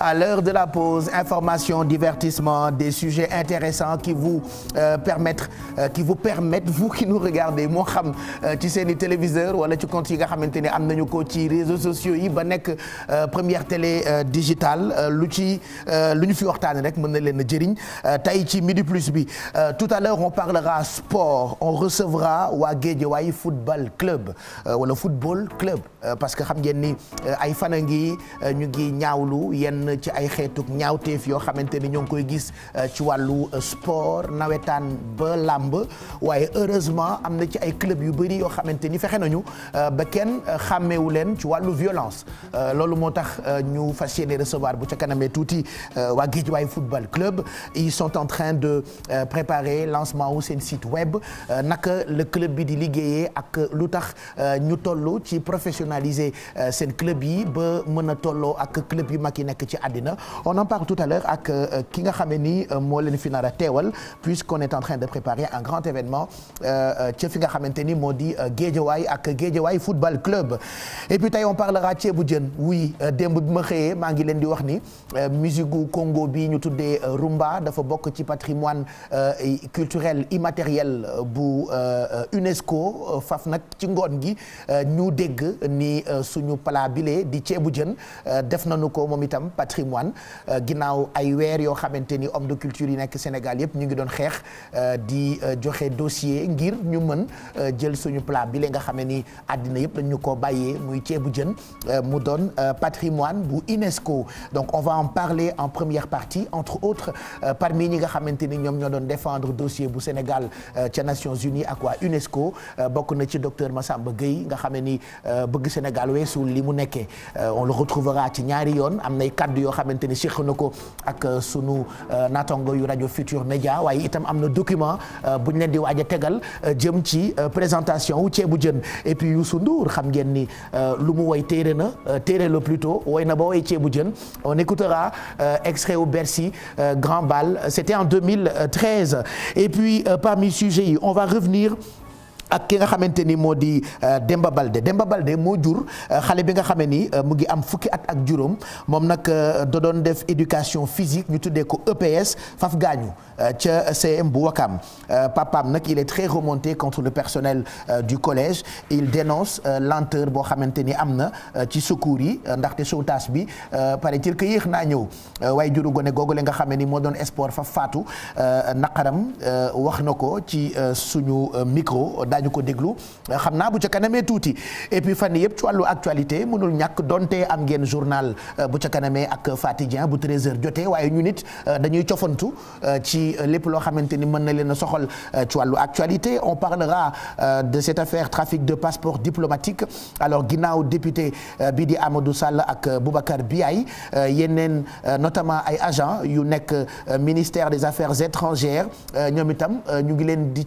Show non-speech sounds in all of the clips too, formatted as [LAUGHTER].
à l'heure de la pause information divertissement des sujets intéressants qui vous euh, permettent euh, qui vous permettent vous qui nous regardez moo xam euh, ci seen i téléviseur wala ci compte yi nga xamante ne am nañu ko ci réseaux sociaux yi ba nekk euh, première télé euh, digitale lu ci lu ñu fi waxtaane rek mën na leen a jëriñ tey ci midi plus bi tout à l'heure on parlera sport on recevra waa Guédiawaye football club wala football club parce que xam ngeen ni ay fan a ngi ñu ngi ñaawlu yenn yenn ci ay xeetuk ñaawteef yoo xamante ni ñoo ngi koy gis euh, ci wàllu euh, sport nawetaan ba làmb waaye heureusement am na ci ay club yu bëri yoo xamante ni fexe nañu euh, ba kenn xàmmeewu leen ci wàllu violence loolu moo tax ñu fas yéene recevoir bu ca kanamee tuuti waa Guédiawaye football club ils sont en train de préparer lancement wu seen site web naka le club bi di liggéeyee ak lu tax ñu toll ci professionnaliser seen club yi ba mën tolloo ak club yu mag yi nekk ci ci àddina on en parle tout à l'heure ak euh, ki nga xamee ni euh, moo leen fi nar a teewal puisqu'on est en train de préparer un grand événement euh, ca fi nga xamante ni moo di Géejawaay ak Géejawaay football club et puis tey on parlera ceebu jën oui démb bi ma xëyee maa ngi leen di wax ni musique gu Congo bi ñu tuddee rumba dafa bokk ci patrimoine culturel immatériel bu UNESCO faf nag ci ngoon gi ñu dégg ni suñu plat bile di ceebu jën def nañu ko moom itam patrimoine euh, ginnaaw ay weer yoo xamante ni homme de culture yi nekk Sénégal yëpp ñu ngi doon xeex euh, di euh, joxe dossier ngir ñu mën jël suñu plat bi la nga xam ni àddina yëpp lañ ñu koo bàyyee muy ceebu jën mu doon patrimoine bu UNESCO donc on va en parler en première partie entre autres parmi ñi nga xamante ni ñoom ñoo doon défendre dossier bu Sénégal ca Nations Unies ak waa UNESCO bokk na ci docteur Massamba Gueye nga xam ni bëgg Sénégal weesul li mu nekkee kàddu yoo xamante ni séq na ko ak euh, sunu euh, natango yu rajo Futur Média waaye itam am na document euh, bu ñu leen di waaj a tegal jëm ci présentation wu ceebu jën et puis Youssou Ndour xam ngeen ni lu mu woy téere na téere la plutôt woy na ba woy ceebu jën on écoutera extrait au Bercy Grand Bal c'était en 2013 et puis parmi sujets yi on va revenir ak ki nga xamante ni moo di euh, Demba Balde Demba Balde moo jur euh, xale bi nga xamee ni euh, mu ngi am fukki at ak juróom moom nag da doon def éducation physique ñu tuddee ko EPS faf gaañu ca CM bu Wakam papaam nag il est très remonté contre le personnel du collège il dénonce lenteur boo xamante ni am na ci secours yi ndaxte sautage bi paraît-il que yéex naa ñëw waaye juru gone googule nga xamee ni moo doon sport fa faatu naqaram wax na ko ci suñu micro. daañu ko déglu xam naa bu ca kanamee tuuti et puis fan yëpp ci wàllu actualité mënul ñàkk donte am ngeen journal euh, bu ca kanamee ak Fatidien bu 13h jotee waaye ñu nit euh, dañuy cofantu euh, ci lépp loo xamante ni mën na leen a soxal ci wàllu actualité on parlera de cette affaire trafic de passeport diplomatique alors ginnaaw député bi di Amadou Sall ak Boubacar Biaye yeneen notamment ay agent yu nekk ministère des affaires étrangères ñoom itam ñu ngi leen di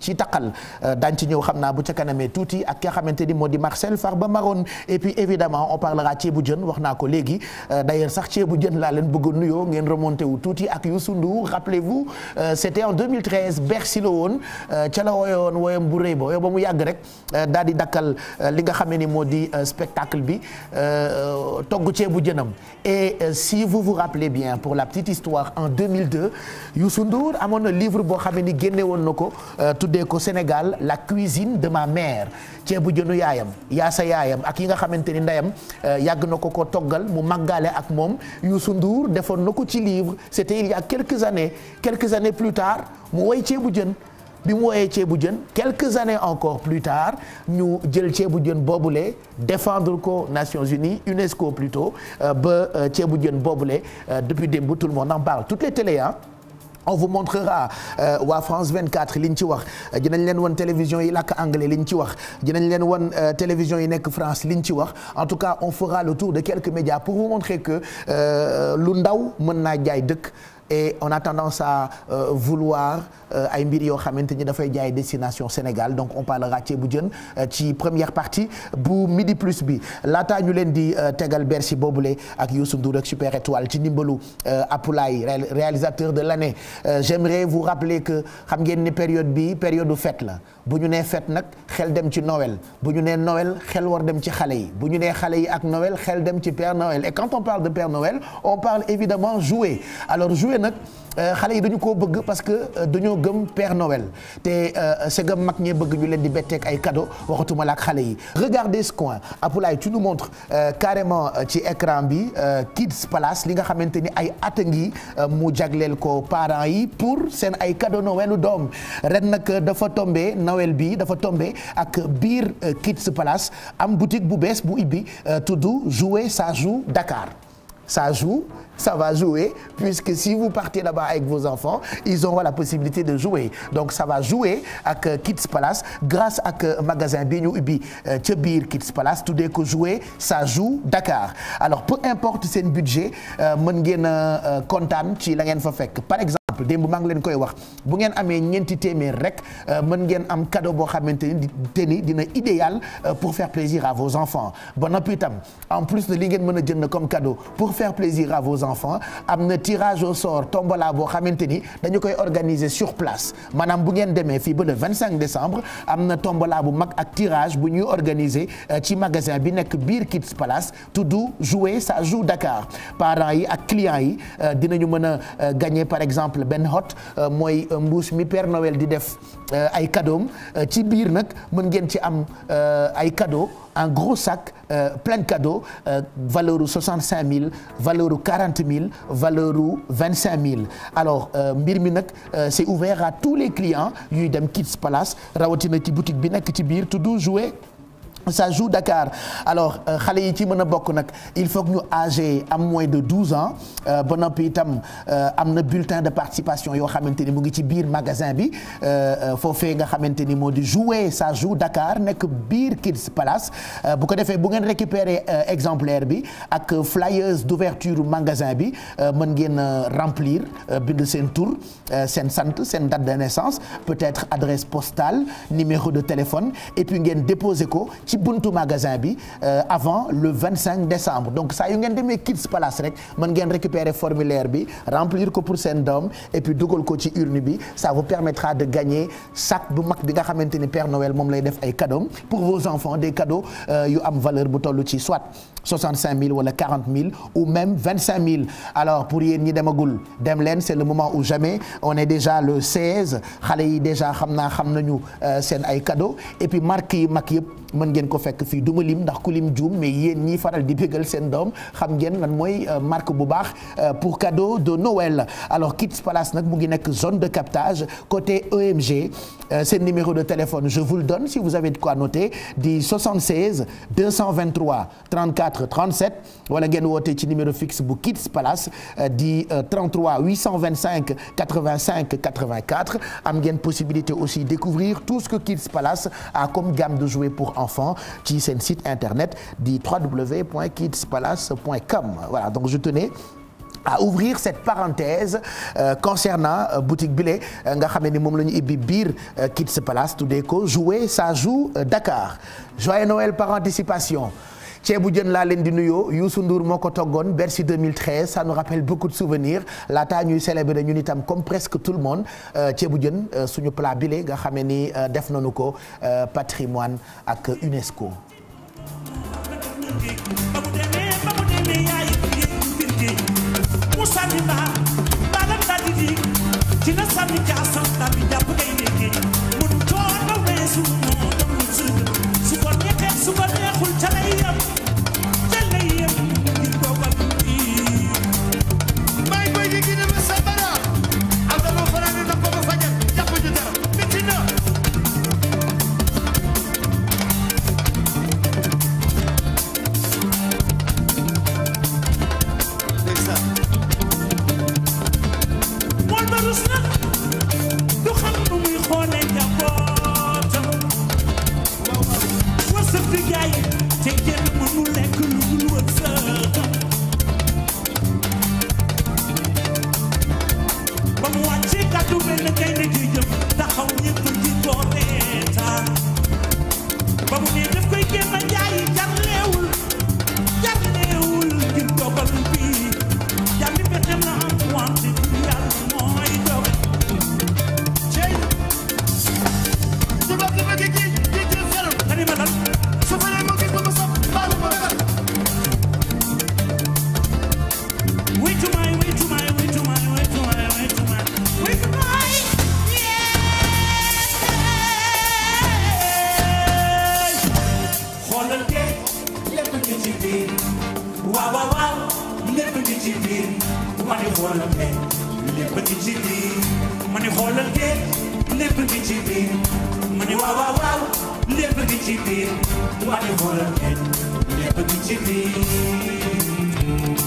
naa bu ca kanamee tuuti ak ki nga xamante ni moo di Marcel Farba Maron et puis évidemment on parlera ceebu jën wax naa ko léegi euh, d'ailleurs sax ceebu jën laa leen bëgg nuyoo ngeen remonté wu tuuti ak Youssou Ndour rappelez-vous euh, c'était en 2013 Bercy la woon euh, ca la woyoon woyam bu rëy ba ba mu yàgg rek daal di dakkal li nga xamee ni moo di spectacle bi togg ceebu jënam si vous vous rappelez bien pour la petite histoire en 2002 Youssou amoon na livre boo xamee ni génne woon na ko tuddee ko Sénégal la cuisine cuisine de ceebu jënu yaayam yaasa yaayam ak yi nga xamante ni ndeyam euh, yàgg na ko ko toggal mu màggaale ak moom Youssou Ndour defoon na ko ci livre c'était il y a quelques années quelques années plus tard mu woy ceebu jën bi mu woyee ceebu jën quelques années encore plus tard ñu jël ceebu jën boobule défendre ko Nations Unies UNESCO plutôt euh, ba euh, ceebu jën boobule depuis démb tout les télé on vous montrera euh, waa France li liñ ci wax dinañ leen wan télévision yi làkk anglais liñ ci wax dinañ leen wan euh, télévision yi nekk France liñ ci wax en tout cas on fera le tour de quelques médias pour vous montrer que euh, lu ndaw mën naa jaay dëkk et on a tendance à euh, vouloir euh, ay mbir yoo xamante ni dafay jaay destination Sénégal donc on parlera ceebu jën euh, ci première partie bu midi plus bi laataa ñu leen di tegal Bercy boobule ak Youssou Ndour ak Super Étoile ci ndimbalu Apulaay réalisateur de l'année j'aimerais vous rappeler que xam ngeen ni période bi période du fête la bu ñu nee fête nag xel dem ci Noël bu ñu nee Noël xel war dem ci xale yi bu ñu nee xale yi ak Noël xel dem ci Père Noël et quand nag euh, xale yi dañu ko bëgg parce que euh, dañoo gëm Père Noël te euh, segam mag ñee bëgg ñu leen di betteek ay cadeau waxatuma la ak xale yi. regardez ce coin Apulaay tu nous montres carrément ci écran bi Kids Palace li nga xamante ni ay at ngi mu jagleel ko parents yi pour seen ay cadeau Noëlu doom ren nag dafa tombe Noël bi dafa tombe ak biir Kids Palace am boutique bu bees bu ibbi tudd Jouer ça joue Dakar. ça joue, ça va jouer, puisque si vous partez là-bas avec vos enfants, ils auront la possibilité de jouer. Donc ça va jouer ak euh, Kids Palace grâce ak euh, magasin bi ñu ubbi euh, ca biir Kids Palace tuddee ko jouer ça joue Dakar alors peu importe seen budget mën ngeen kontaan ci la ngeen fa exemple démb maa ngi leen koy wax bu ngeen amee ñeenti téeméer rek euh, mën ngeen am cadeau boo xamante ni ni dina idéal euh, pour faire plaisir à vos enfants ba noppi itam en plus de li ngeen mën a jënd comme cadeau pour faire plaisir à vos enfants am na tirage au sort tombola boo xamante ni dañu koy organiser sur place maanaam bu ngeen demee fii ba le 25 décembre am na tombola bu mag ak tirage bu ñuy organiser euh, ci magasin bi nekk biir Kids Palace tudd jouer sa jou Dakar parents yi ak yi dinañu mën a gagner par exemple benn hot euh, mooy euh, mbuus mi Père Noël di def euh, ay cadeau ci biir nag mën ngeen ci am ay cadeau un gros sac euh, plein de cadeaux euh, valeur u 65 000 valeur u 40 000 valeur u 25 alors euh, mbir mi nag c'est ouvert à tous les clients yuy dem Kids Palace rawatina ci boutique bi nekk ci biir tuddu jouet ça joue Dakar alors euh, xale yi ci mën a bokk nag il faut que ñu âgé am moins de 12 ans euh, ba noppi itam euh, am na bulletin de participation yoo xamante ni mu ngi ci biir magasin bi foofee nga xamante ni moo di jouer ça joue Dakar nekk biir Kids Palace bu ko defee bu ngeen récupérer exemplaire bi ak flyers d'ouverture magasin bi mën ngeen remplir bind seen tour seen sant seen date de naissance peut-être adresse postale numéro de téléphone et puis ngeen déposer ko buntu magasin bi euh, avant le 25 décembre donc saa yu ngeen demee Kids Palace rek mën ngeen récupérer formulaire bi remplir ko pour seen doom et puis ko ci urne bi ça vous permettra de gagner sac bu mag bi nga xamante ni Père Noël moom lay def ay cadeaux pour vos enfants des cadeaux euh, yu am valeur bu toll ci soit 65000 wala 40000 ou même 25000 alors pour yéen ñi demagul dem leen c'est le moment ou jamais on est déjà le 16 xale yi déjà xam naa xam nañu euh, seen ay cadeaux et puis marque mag yëpp mën ngeen ngeen ko fekk fii du ma lim ndax ku lim juum mais yéen ñiy faral di bégal seen doom xam ngeen lan mooy euh, marque bu baax euh, pour cadeau de Noël alors Kids Palace nag mu ngi nekk zone de captage côté EMG Euh, seen numéro de téléphone je vous le donne si vous avez de quoi noter di 76 223 34 37 wala ngeen woote ci numéro fixe bu Kids Palace euh, di 33 825 85 84 am ngeen possibilité aussi découvrir tout ce que Kids Palace a comme gamme de jouets pour enfants ci seen site internet di www.kidspalace.com voilà donc je tenais à ouvrir cette parenthèse euh, concernant euh, boutique bile euh, nga xam ne ni moom la ñu ibbi biir Kids Palace tuddee ko jouer sa joue Dakar joyeux Noël par anticipation ceebu jën laa leen di nuyoo Youssou Ndour moo ko toggoon Bercy 2013 ça nous rappelle beaucoup de souvenirs laataa ñuy célébrer ñun itam comme presque tout le monde ceebu jën suñu plat bile nga xam ne ni def nañu ko patrimoine ak UNESCO. everybody.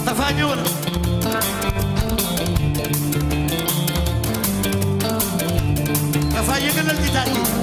dafa ñuul dafa yëngalal gitaar gi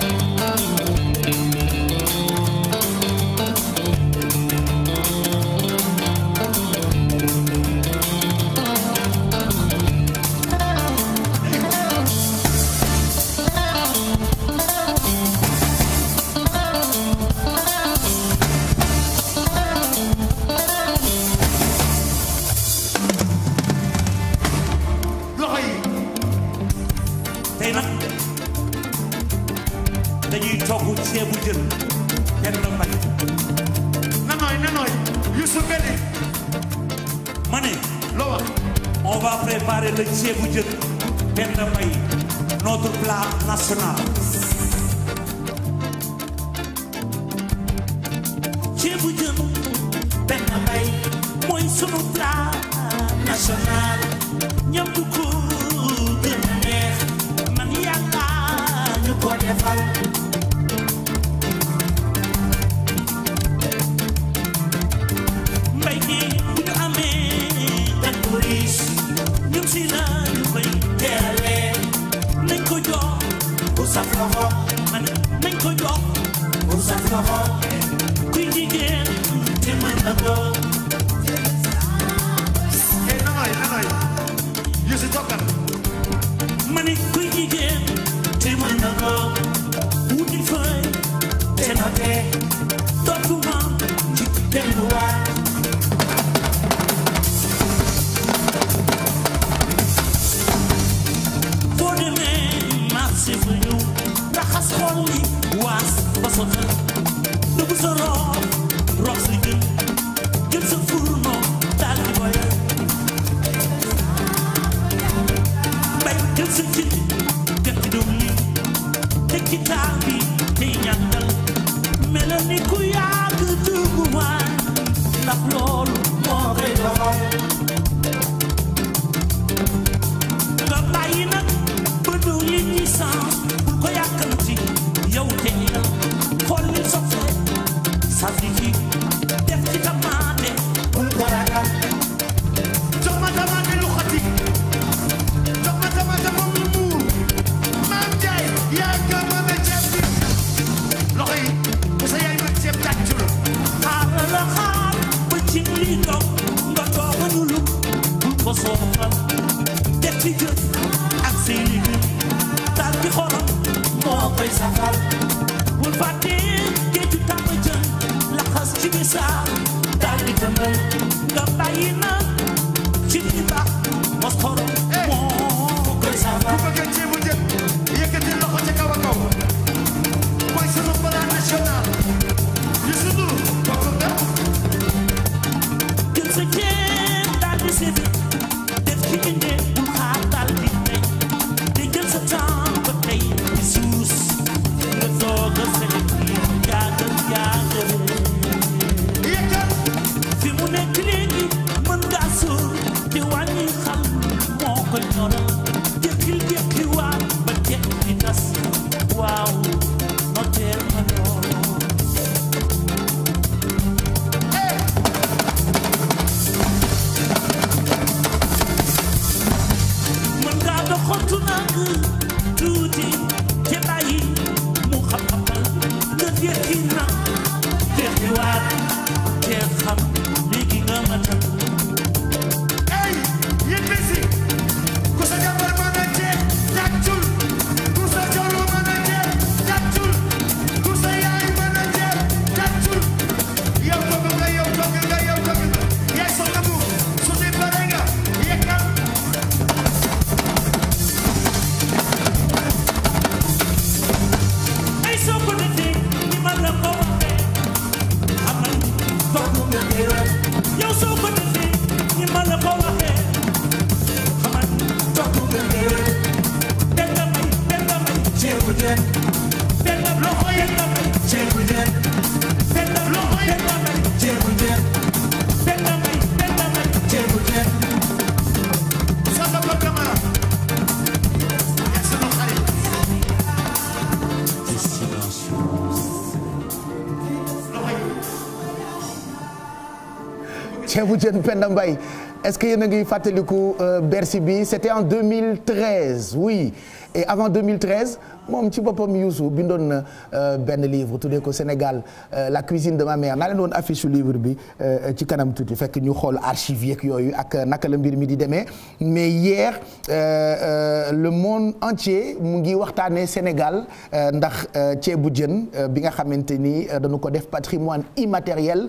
xeebu jën Penda Mbaye est-ce que yéen a ngi fàttaliku euh, Bercy bi c'était en 2013 oui et avant 2013 moom ci boppam Youssou bindoon na Euh, benn livre tuddee ko Sénégal euh, la cuisine de ma mère naa leen doon affiche su livre bi euh, ci kanam tuuti fekk ñu xool archives yeeg yooyu ak naka la mbir mi di demee mais hier le monde entier mu ngi waxtaanee Sénégal ndax ceebu jën bi nga xamante ni dañu ko def patrimoine immatériel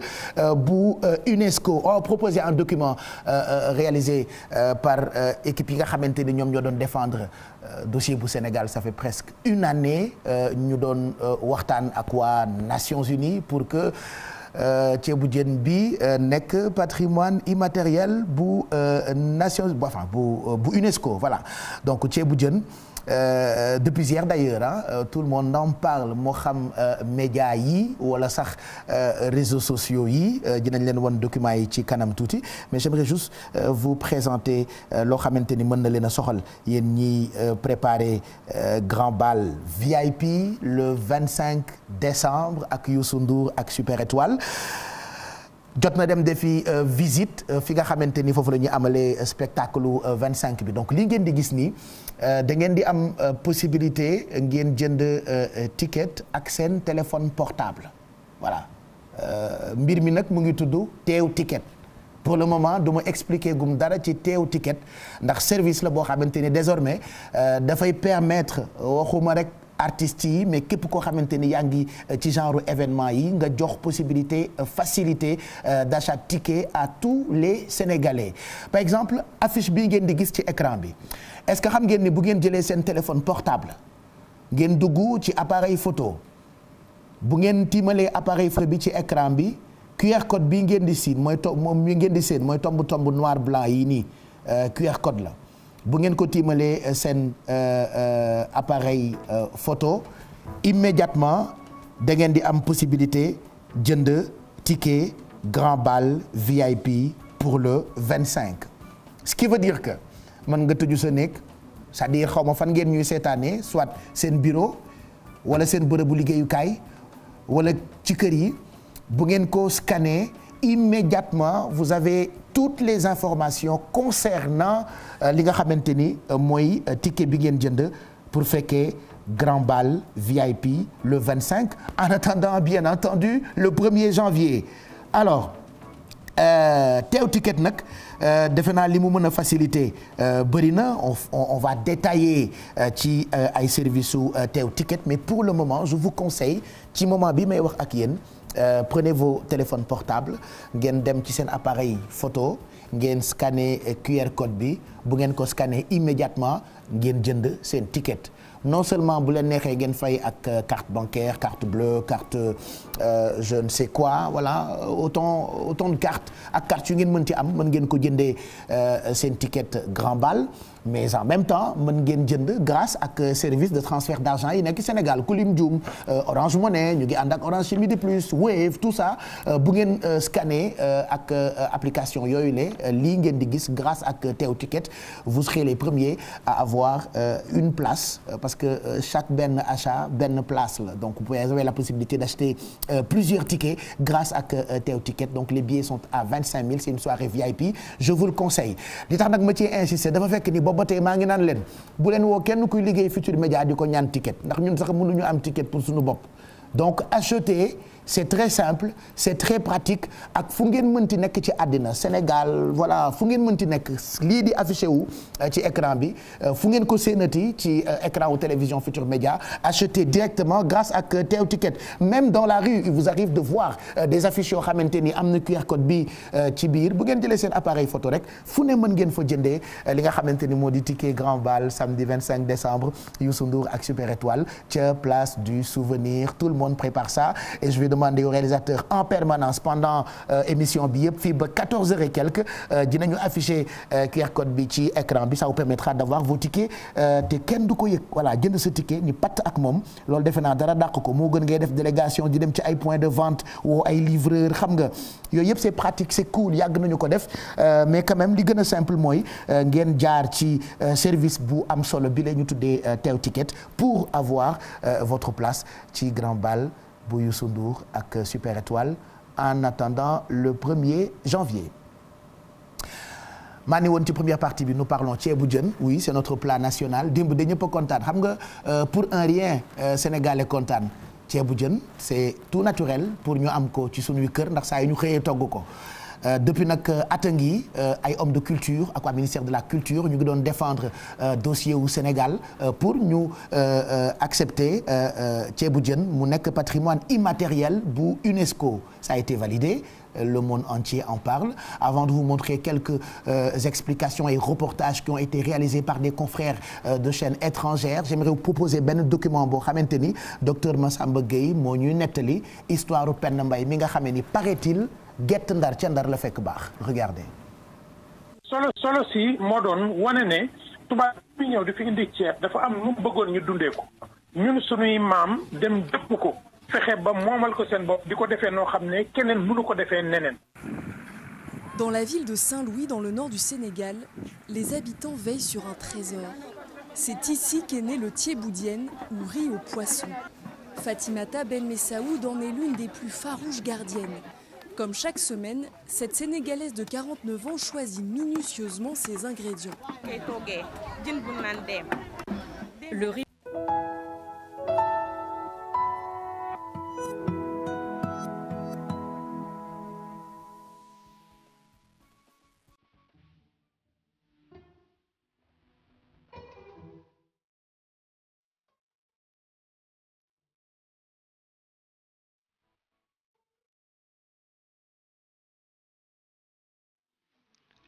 bu UNESCO on a proposé un document réalisé par équipe yi nga xamante ni ñoom ñoo doon défendre Euh, dossier bu Sénégal ça fait presque une année euh, ñu doon euh, waxtaan ak waa Nations Unies pour que ceebu jën bi nekk patrimoine immatériel bu Nations enfin bu bu UNESCO voilà donc ceebu jën Euh, euh, depuis hier d'ailleurs euh, tout le monde en parle moo xam euh, média yi wala sax réseaux sociaux yi nañ leen wan document yi ci kanam tuuti mais j'aimerais juste euh, vous présenter loo xamante ni mën na leen a soxal yéen ñiy préparer grand bal VIP le 25 décembre ak Youssou Ndour ak Super Étoile jot na dem defi visite fi nga xamante ni foofu la ñuy amalee spectacle 25 bi donc li ngeen di gis nii Euh, da ngeen di am euh, possibilité ngeen jënd euh, ticket ak seen téléphone portable voilà mbir mi nag mu ngi tudd teew ticket. pour le moment duma expliquer gum dara ci teew ticket ndax service la boo xamante ni désormais dafay permettre waxuma rek artistes yi mais képp koo xamante ni yaa ngi ci genre événement yi nga jox possibilité facilité d'achat ticket à tous les Sénégalais par exemple affiche bi ngeen di gis ci écran bi est-ce que xam ngeen ni bu ngeen jëlee seen téléphone portable ngeen dugg ci appareil photo bu ngeen tiimalee appareil photo bi ci écran bi QR code bii ngeen di siin mooy to moom mi ngeen di seen mooy tomb tomb noir blanc yii nii euh, QR la bu ngeen ko tiimalee euh, seen euh, appareil photo immédiatement da ngeen di am possibilité jënd ticket grand bal VIP pour le vingt cinq ce qui veut dire que man nga tëju sa néeg c'est-à-dire xaw ma fan ngeen ñuy seetaanee soit seen bureau wala seen bërëbu liggéeyukaay wala ci kër yi bu ngeen ko skane immédiatement vous avez toutes les informations concernant euh, li nga xamante ni euh, mooy euh, ticket bi ngeen jënd pour fekkee grand bal VIP le 25 en attendant bien entendu le 1er janvier alors Euh, teew ticket nag euh, defe naa li mu mën a faciliter euh, bëri na on on va détailler ci ay services su teew ticket mais pour le moment je vous conseille ci moment bi may wax ak yéen prenez vos téléphone portables ngeen dem ci seen appareil photo ngeen scanner QR bi bu ngeen ko scanner immédiatement ngeen jënd seen ticket. non seulement bu leen neexee geen fay ak euh, carte bancaire carte bleue carte euh, je ne sais quoi voilà euh, autant autant de cartes ak cartes yu ngeen mën ci am mën ngeen ko jëndee seen ticket grand bal mais en même temps mën ngeen jënd grâce ak service de transfert d' argent yi nekk Sénégal Kulim Dioum euh, Orange Money ñu ngi ànd ak Orange Midi Plus Wave tout ça euh, bu euh, scanner ak application yooyu la lii ngeen di gis grâce ak Tew Ticket vous serez les premiers à avoir une place parce que chaque benn achat benn place la donc vous avez la possibilité d' acheter plusieurs tickets grâce ak Tew Ticket donc les billets sont à vingt cinq mille c' une soirée VIP le conseille li tax nag ma ci insisté ba ba tey maa ngi naan leen bu leen woo kenn kuy liggéey Futurs Médias di ñaan ticket ndax ñun sax mënuñu am ticket pour suñu bopp donc acheter c'est très simple c'est très pratique ak fu ngeen ti nekk ci àddina Sénégal voilà fu ngeen ti nekk lii di affiché wu euh, ci écran bi euh, fu ngeen ko séenati ci euh, écran wu télévision Futur Média acheter directement grâce ak Tew Ticket même dans la rue il vous arrive de voir des affiches yoo xamante ni am na QR code bi ci biir bu ngeen jëlee seen appareil photo rek fu ne mën ngeen fa jëndee li nga xamante ni moo di ticket grand bal samedi 25 décembre Youssou Ndour ak Super Étoile ca place du tout le monde prépare ça demandé au réalisateur en permanence pendant euh, émission bi yëpp fii ba 14 heures et quelques euh, dinañu afficher euh, QR bi ci écran bi ça vous permettra d'avoir vos tickets te kenn du ko voilà jënd sa ticket ni patt moom loolu defe naa dara dàq ko moo gën ngay def délégation di dem ci ay points de vente woo ay livreur xam nga yooyu yëpp c'est pratique c'est cool yàgg nañu ko def mais quand même li gën a simple mooy ngeen jaar ci service bu am solo bi la ñu tuddee teew ticket pour avoir votre place ci grand bal bu Youssou Ndour ak Super Étoile en attendant le premier janvier. maa ni woon ci première partie bi nu parlons ceebu jën oui c'est notre plat national dimb de ñëpp a kontaan xam nga euh, pour un rien euh, sénégalais kontaan ceebu jën c'est tout naturel pour ñu am ko ci suñuy kër ndax saa yu ñu xëyee togg ko. Euh, depuis nag euh, at ngi euh, ay hommes de ak waa ministère de la culture ñu ngi doon défendre dossier wu Sénégal pour ñu accepter ceebu jën mu nekk patrimoine immatériel bu UNESCO ça a été validé le monde entier en parle avant de vous montrer quelques euh, explications et reportages qui ont été réalisés par des confrères de chaînes étrangères j'aimerais vous proposer benn document boo xamante ni docteur Massamba Gueye moo ñuy nettali histoire u Penda Mbaye mi nga xamee ni paraît-il gett ndar ca ndar la fekk baax regardez. solo solo si moo doon wane ne tubaab bi ñëw di fi indi dafa am nu mu bëggoon ñu dundee ko ñun suñuy maam dem jëpp ko fexe ba moomal ko seen bopp di ko defee noo xam ne keneen mënu ko defee neneen. Dans la ville de Saint-Louis, dans le nord du Sénégal, les habitants veillent sur un trésor. C'est ici qu'est née le thiéboudienne ou riz aux poissons. Fatimata Ben Messaoud en est l'une des plus farouches gardiennes. Comme chaque semaine, cette Sénégalaise de 49 ans choisit minutieusement ses ingrédients. Le riz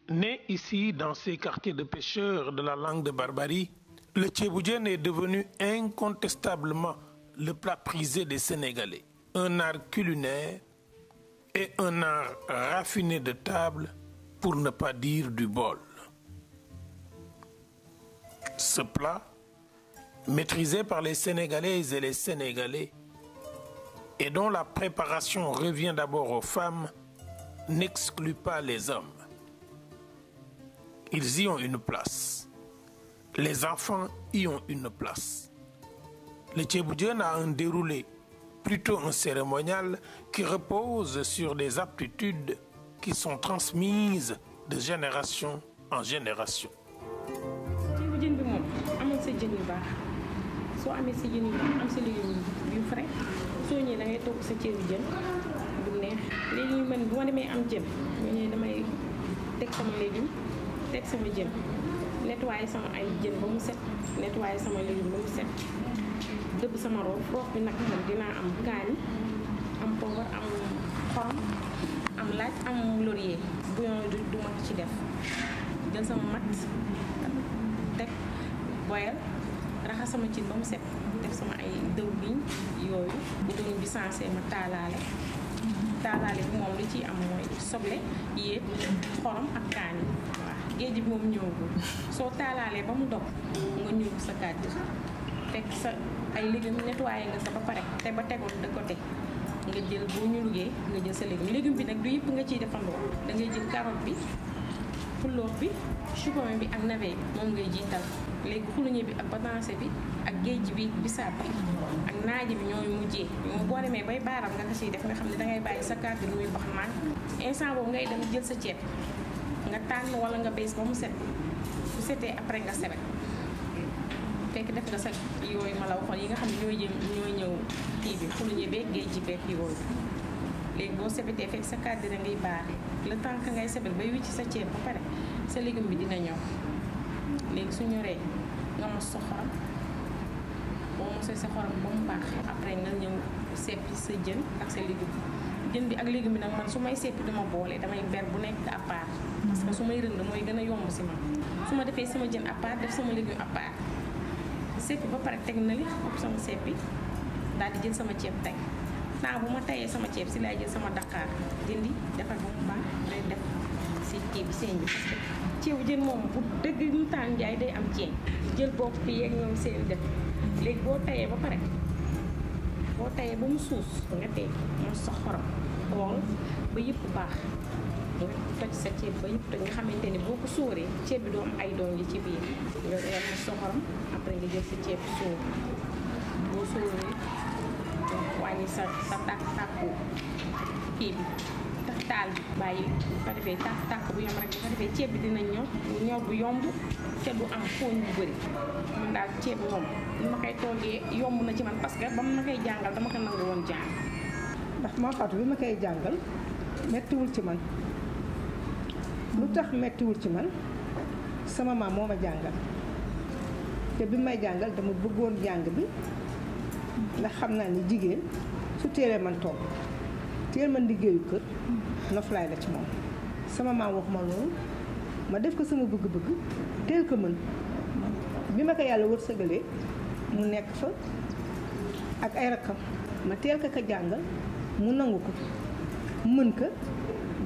Né ici dans ces quartiers de pêcheurs de la langue de Barbarie, le ceebu-jën est devenu incontestablement le plat prisé des Sénégalais. Un art culinaire et un art raffiné de table, pour ne pas dire du bol. Ce plat, maîtrisé par les Sénégalaises et les Sénégalais, et dont la préparation revient d'abord aux femmes, n'exclut pas les hommes. Ils y ont une place. Les enfants y ont une place. Le Tchéboudjian a un déroulé, plutôt un cérémonial, qui repose sur des aptitudes qui sont transmises de génération en génération. Tchéboudjian bi moom amal sa jën yu baax soo amee sa jën yu baax am sa légume yu frais soo ñëwee da togg sa Tchéboudjian bu neex léegi man bu ma am jën ñooñu damay teg sama légume. teg sama jën nettoyé sama ay jën ba mu set nettoyé sama légume ba mu set dëbb sama roof roof bi nag moom dinaa am kaani am poobar am xorom am laaj am laurier bouillon du du ma ci def jël sama mat teg boyal raxas sama cin ba mu set def sama ay dëw biñ yooyu udon bi sensé ma taalaale taalaale bi moom li ciy am mooy soble yéet xorom ak kaani géej gi moom ñëwagul soo taalaalee ba mu dog nga ñëw sa kàddu teg sa ay légumes nettoyé nga sa ba pare te ba tegoon de côté nga jël boo ñu lugee nga jël sa légume légume bi nag du yëpp nga ciy defandoo da ngay jël karoot bi pulóor bi chou bi ak navet bi moom ngay jiital léegi xuluñe bi ak batancé bi ak géej bi bisaab bi ak naaji bi ñooy mujjee moo boo demee bay baaram nga ko ciy def nga xam ne dangay bàyyi sa kàddu lu muy bax maan instant boobu ngay dem jël sa ceeb tànn wala nga bees ba mu set bu setee après nga sebet fekk def nga sa yooyu yi nga xam ne ñooy jëm ñooy ñëw kii bi xuluñe beeg géej ji beeg yooyu léegi boo sebetee fekk sa kàddira ngay baare le temps que ngay sebet bay wicc sa ceeb ba pare sa légume bi dina ñëw léegi su ñoree nga mos sa xorom boo mosee sa xorom ba mu baax après nga ñëw seppi sa jën ak sa légume jën bi ak légume bi nag man su may seppi duma boolee damay ber bu nekk à part parce que su may rënd mooy gën a yomb si ma su ma defee sama jën à part def sama légume à part ba pare teg na li ëpp sama seppi daal di jël sama ceeb teg temps bu ma tayee sama ceeb si laay jël sama daqaar dindi defar ba mu baax day def si kii bi seen bi parce que jën moom bu dëgg ñu taan njaay day am ceeb jël bopp bi yeeg ñoom seen def léegi boo tayee ba pare boo tayee ba mu suus nga tey mu sox xorom xool ba yëpp baax nga sa ceeb ba xamante ni boo ko sóoree ceeb bi doo am ay doom yi ci biir nga yàq sa xorom après nga jël sa ceeb sóor boo sóoree wàññi sa sa tàkk bi tax taal bi bu ko defee tàkk tàkk bu yem rek bu ko defee ceeb bi dinañ ñëw ñor bu yomb te du am fooñ bu bëri man daal ceeb moom li ma koy toogee yomb na ci man parce que ba ma koy jàngal dama ko nangu woon jàng ndax maa fàttu bi ma koy jàngal mettiwul ci man lu tax mettiwul ci man sama maam moo ma jàngal te bi may jàngal dama bëggoon jàng bi ndax xam naa ni jigéen su teelee man toog teel man liggéeyu kër noflaay la ci moom sama maam wax ma loolu ma def ko sama bëgg-bëgg teel ko mën bi ma ko yàlla wërsëgalee mu nekk fa ak ay rakkam ma teel ko ko jàngal mu nangu ko mën ko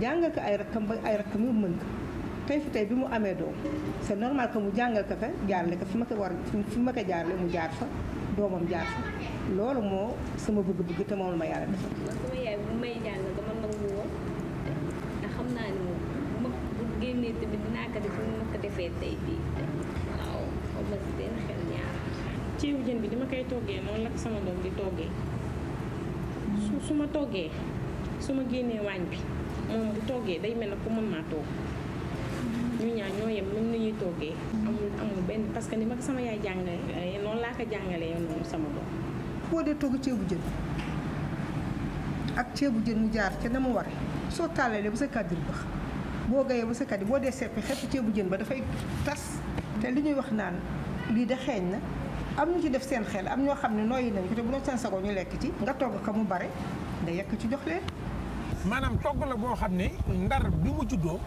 jàngal ko ay rakkam ba ay rakkam yu mën ko tey fi tey bi mu amee doom c'est normal que mu jàngal ko fa jaarale ko fi ma ko war fi ma ko jaarale mu jaar fa doomam jaar fa loolu moo sama bëgg-bëgg te moom la ma te xam naa ko defee tey bii waaw ma si benn xel ñaar. ceebu jën bi dama koy toggee noonu la ko sama doom di toggee su su ma toggee su ma génnee waañ bi. Mm, bu toogee day mel ne ko mën maa toog ñu ñaar ñoo yem même ni ñuy toogee amul amul benn parce que ni ma sama yaay jàngalee eh, noonu laa ko jàngalee noonu sama doom boo dee togg ceebu jën ak ceebu jën mu jaar ca na mu waree soo taalalee ba sa kàddir ba boo gayee ba sa kàddir boo dee seppi xepp ceebu jën ba dafay tas te li ñuy wax naan lii de xeeñ na am ñu ci def seen xel am ñoo xam ne nooyi nañ ko te bu doon seen sago ñu lekk ci nga togg ka mu bare nga yekk ci jox leen maanaam togg la boo xam ne ndar bi mu juddoo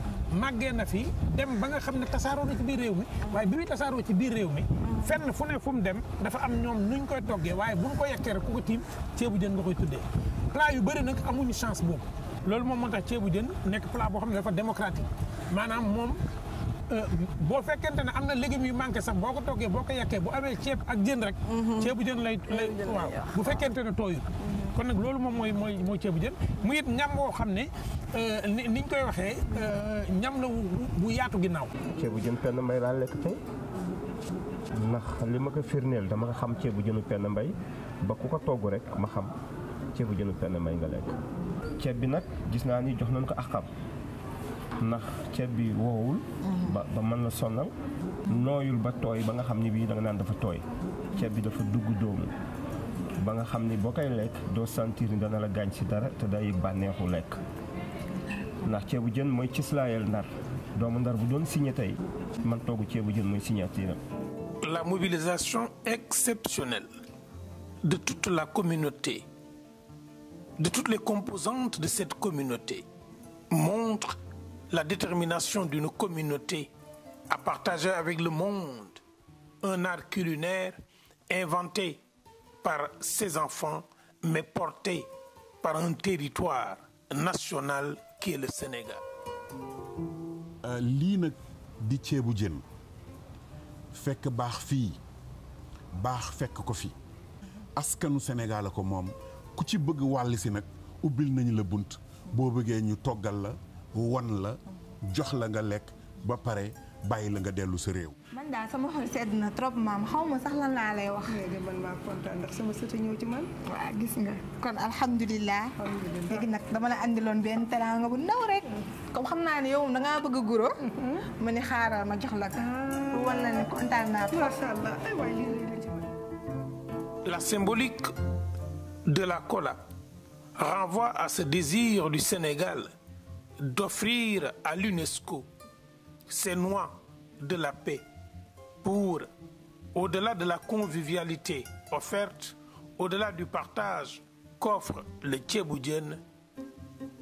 màggee na fi dem ba nga xam ne tasaaroo na ci biir réew mi waaye bi muy tasaaroo ci biir réew mi fenn fu ne fu mu dem dafa am ñoom nuñ koy toggee waaye bu ñu ko yekkee rek ku tiim ceebu jën nga koy tuddee plat yu bëri nag amuñu chance boobu loolu moom moo tax ceebu jën nekk plat boo xam ne dafa démocratique maanaam moom euh, boo fekkente ne am na légumes yu manqué sax boo ko toggee boo ko yekkee bu amee ceeb ak jën rek mm-hmm. ceebu jën lay lay waaw bu fekkente ne tooyul kon nag loolu moom mooy mooy mooy ceebu jën mu it ñam woo xam ne euh, niñ koy waxee euh, ñam la bu yaatu ginnaaw. ceebu jën penn mbay laa lekk tey ndax li ma ko firndeel dama nga xam ceebu jënu penn mbay ba ko togg rek ma xam ceebu jënu penn mbay nga lekk. ceeb bi nag gis naa ni jox nañ ko axam ndax ceeb bi woowul. Mhm. ba mën na sonal. nooyul ba tooy ba nga xam ni bii da naan dafa tooy. ceeb bi dafa dugg doomu. ba nga xam ni boo koy lekk doo sentir ni dana la gaañ ci dara te day bànneexu lekk ndax ceebu jën mooy cislaayal ndar doomu ndar bu doon signé tey man toogu ceebu jën mooy signature la mobilisation exceptionnelle de toute la communauté de toutes les composantes de cette communauté montre la détermination d'une communauté à partager avec le monde un art culinaire inventé par ses enfants, mais portée par national qui est euh, lii nag di ceebu jën fekk baax fii baax fekk ko fi askanu Sénégal ko moom ku ci bëgg wàll si nag ubbil nañu la bunt boo bëggee ñu toggal la won la jox la nga lekk ba pare bàyyi la nga dellu sa réew. man daal sama xol sedd na trop maam xaw ma sax lan laa lay wax. léegi man ndax sama sët ñëw ci man. waaw gis nga kon alhamdulilah. léegi nag dama la andiloon benn teraanga bu ndaw rek. comme xam naa ne yow da ngaa bëgg a guro. Mm-hmm. ma ni xaaral ma jox la ko. Ah. wala na ne kontaan naa la symbolique de la kola renvoie à ce désir du Sénégal d'offrir à l'UNESCO ses noix de la paix. pour, au-delà de la convivialité offerte, au-delà du partage qu'offre le Tchéboudjen,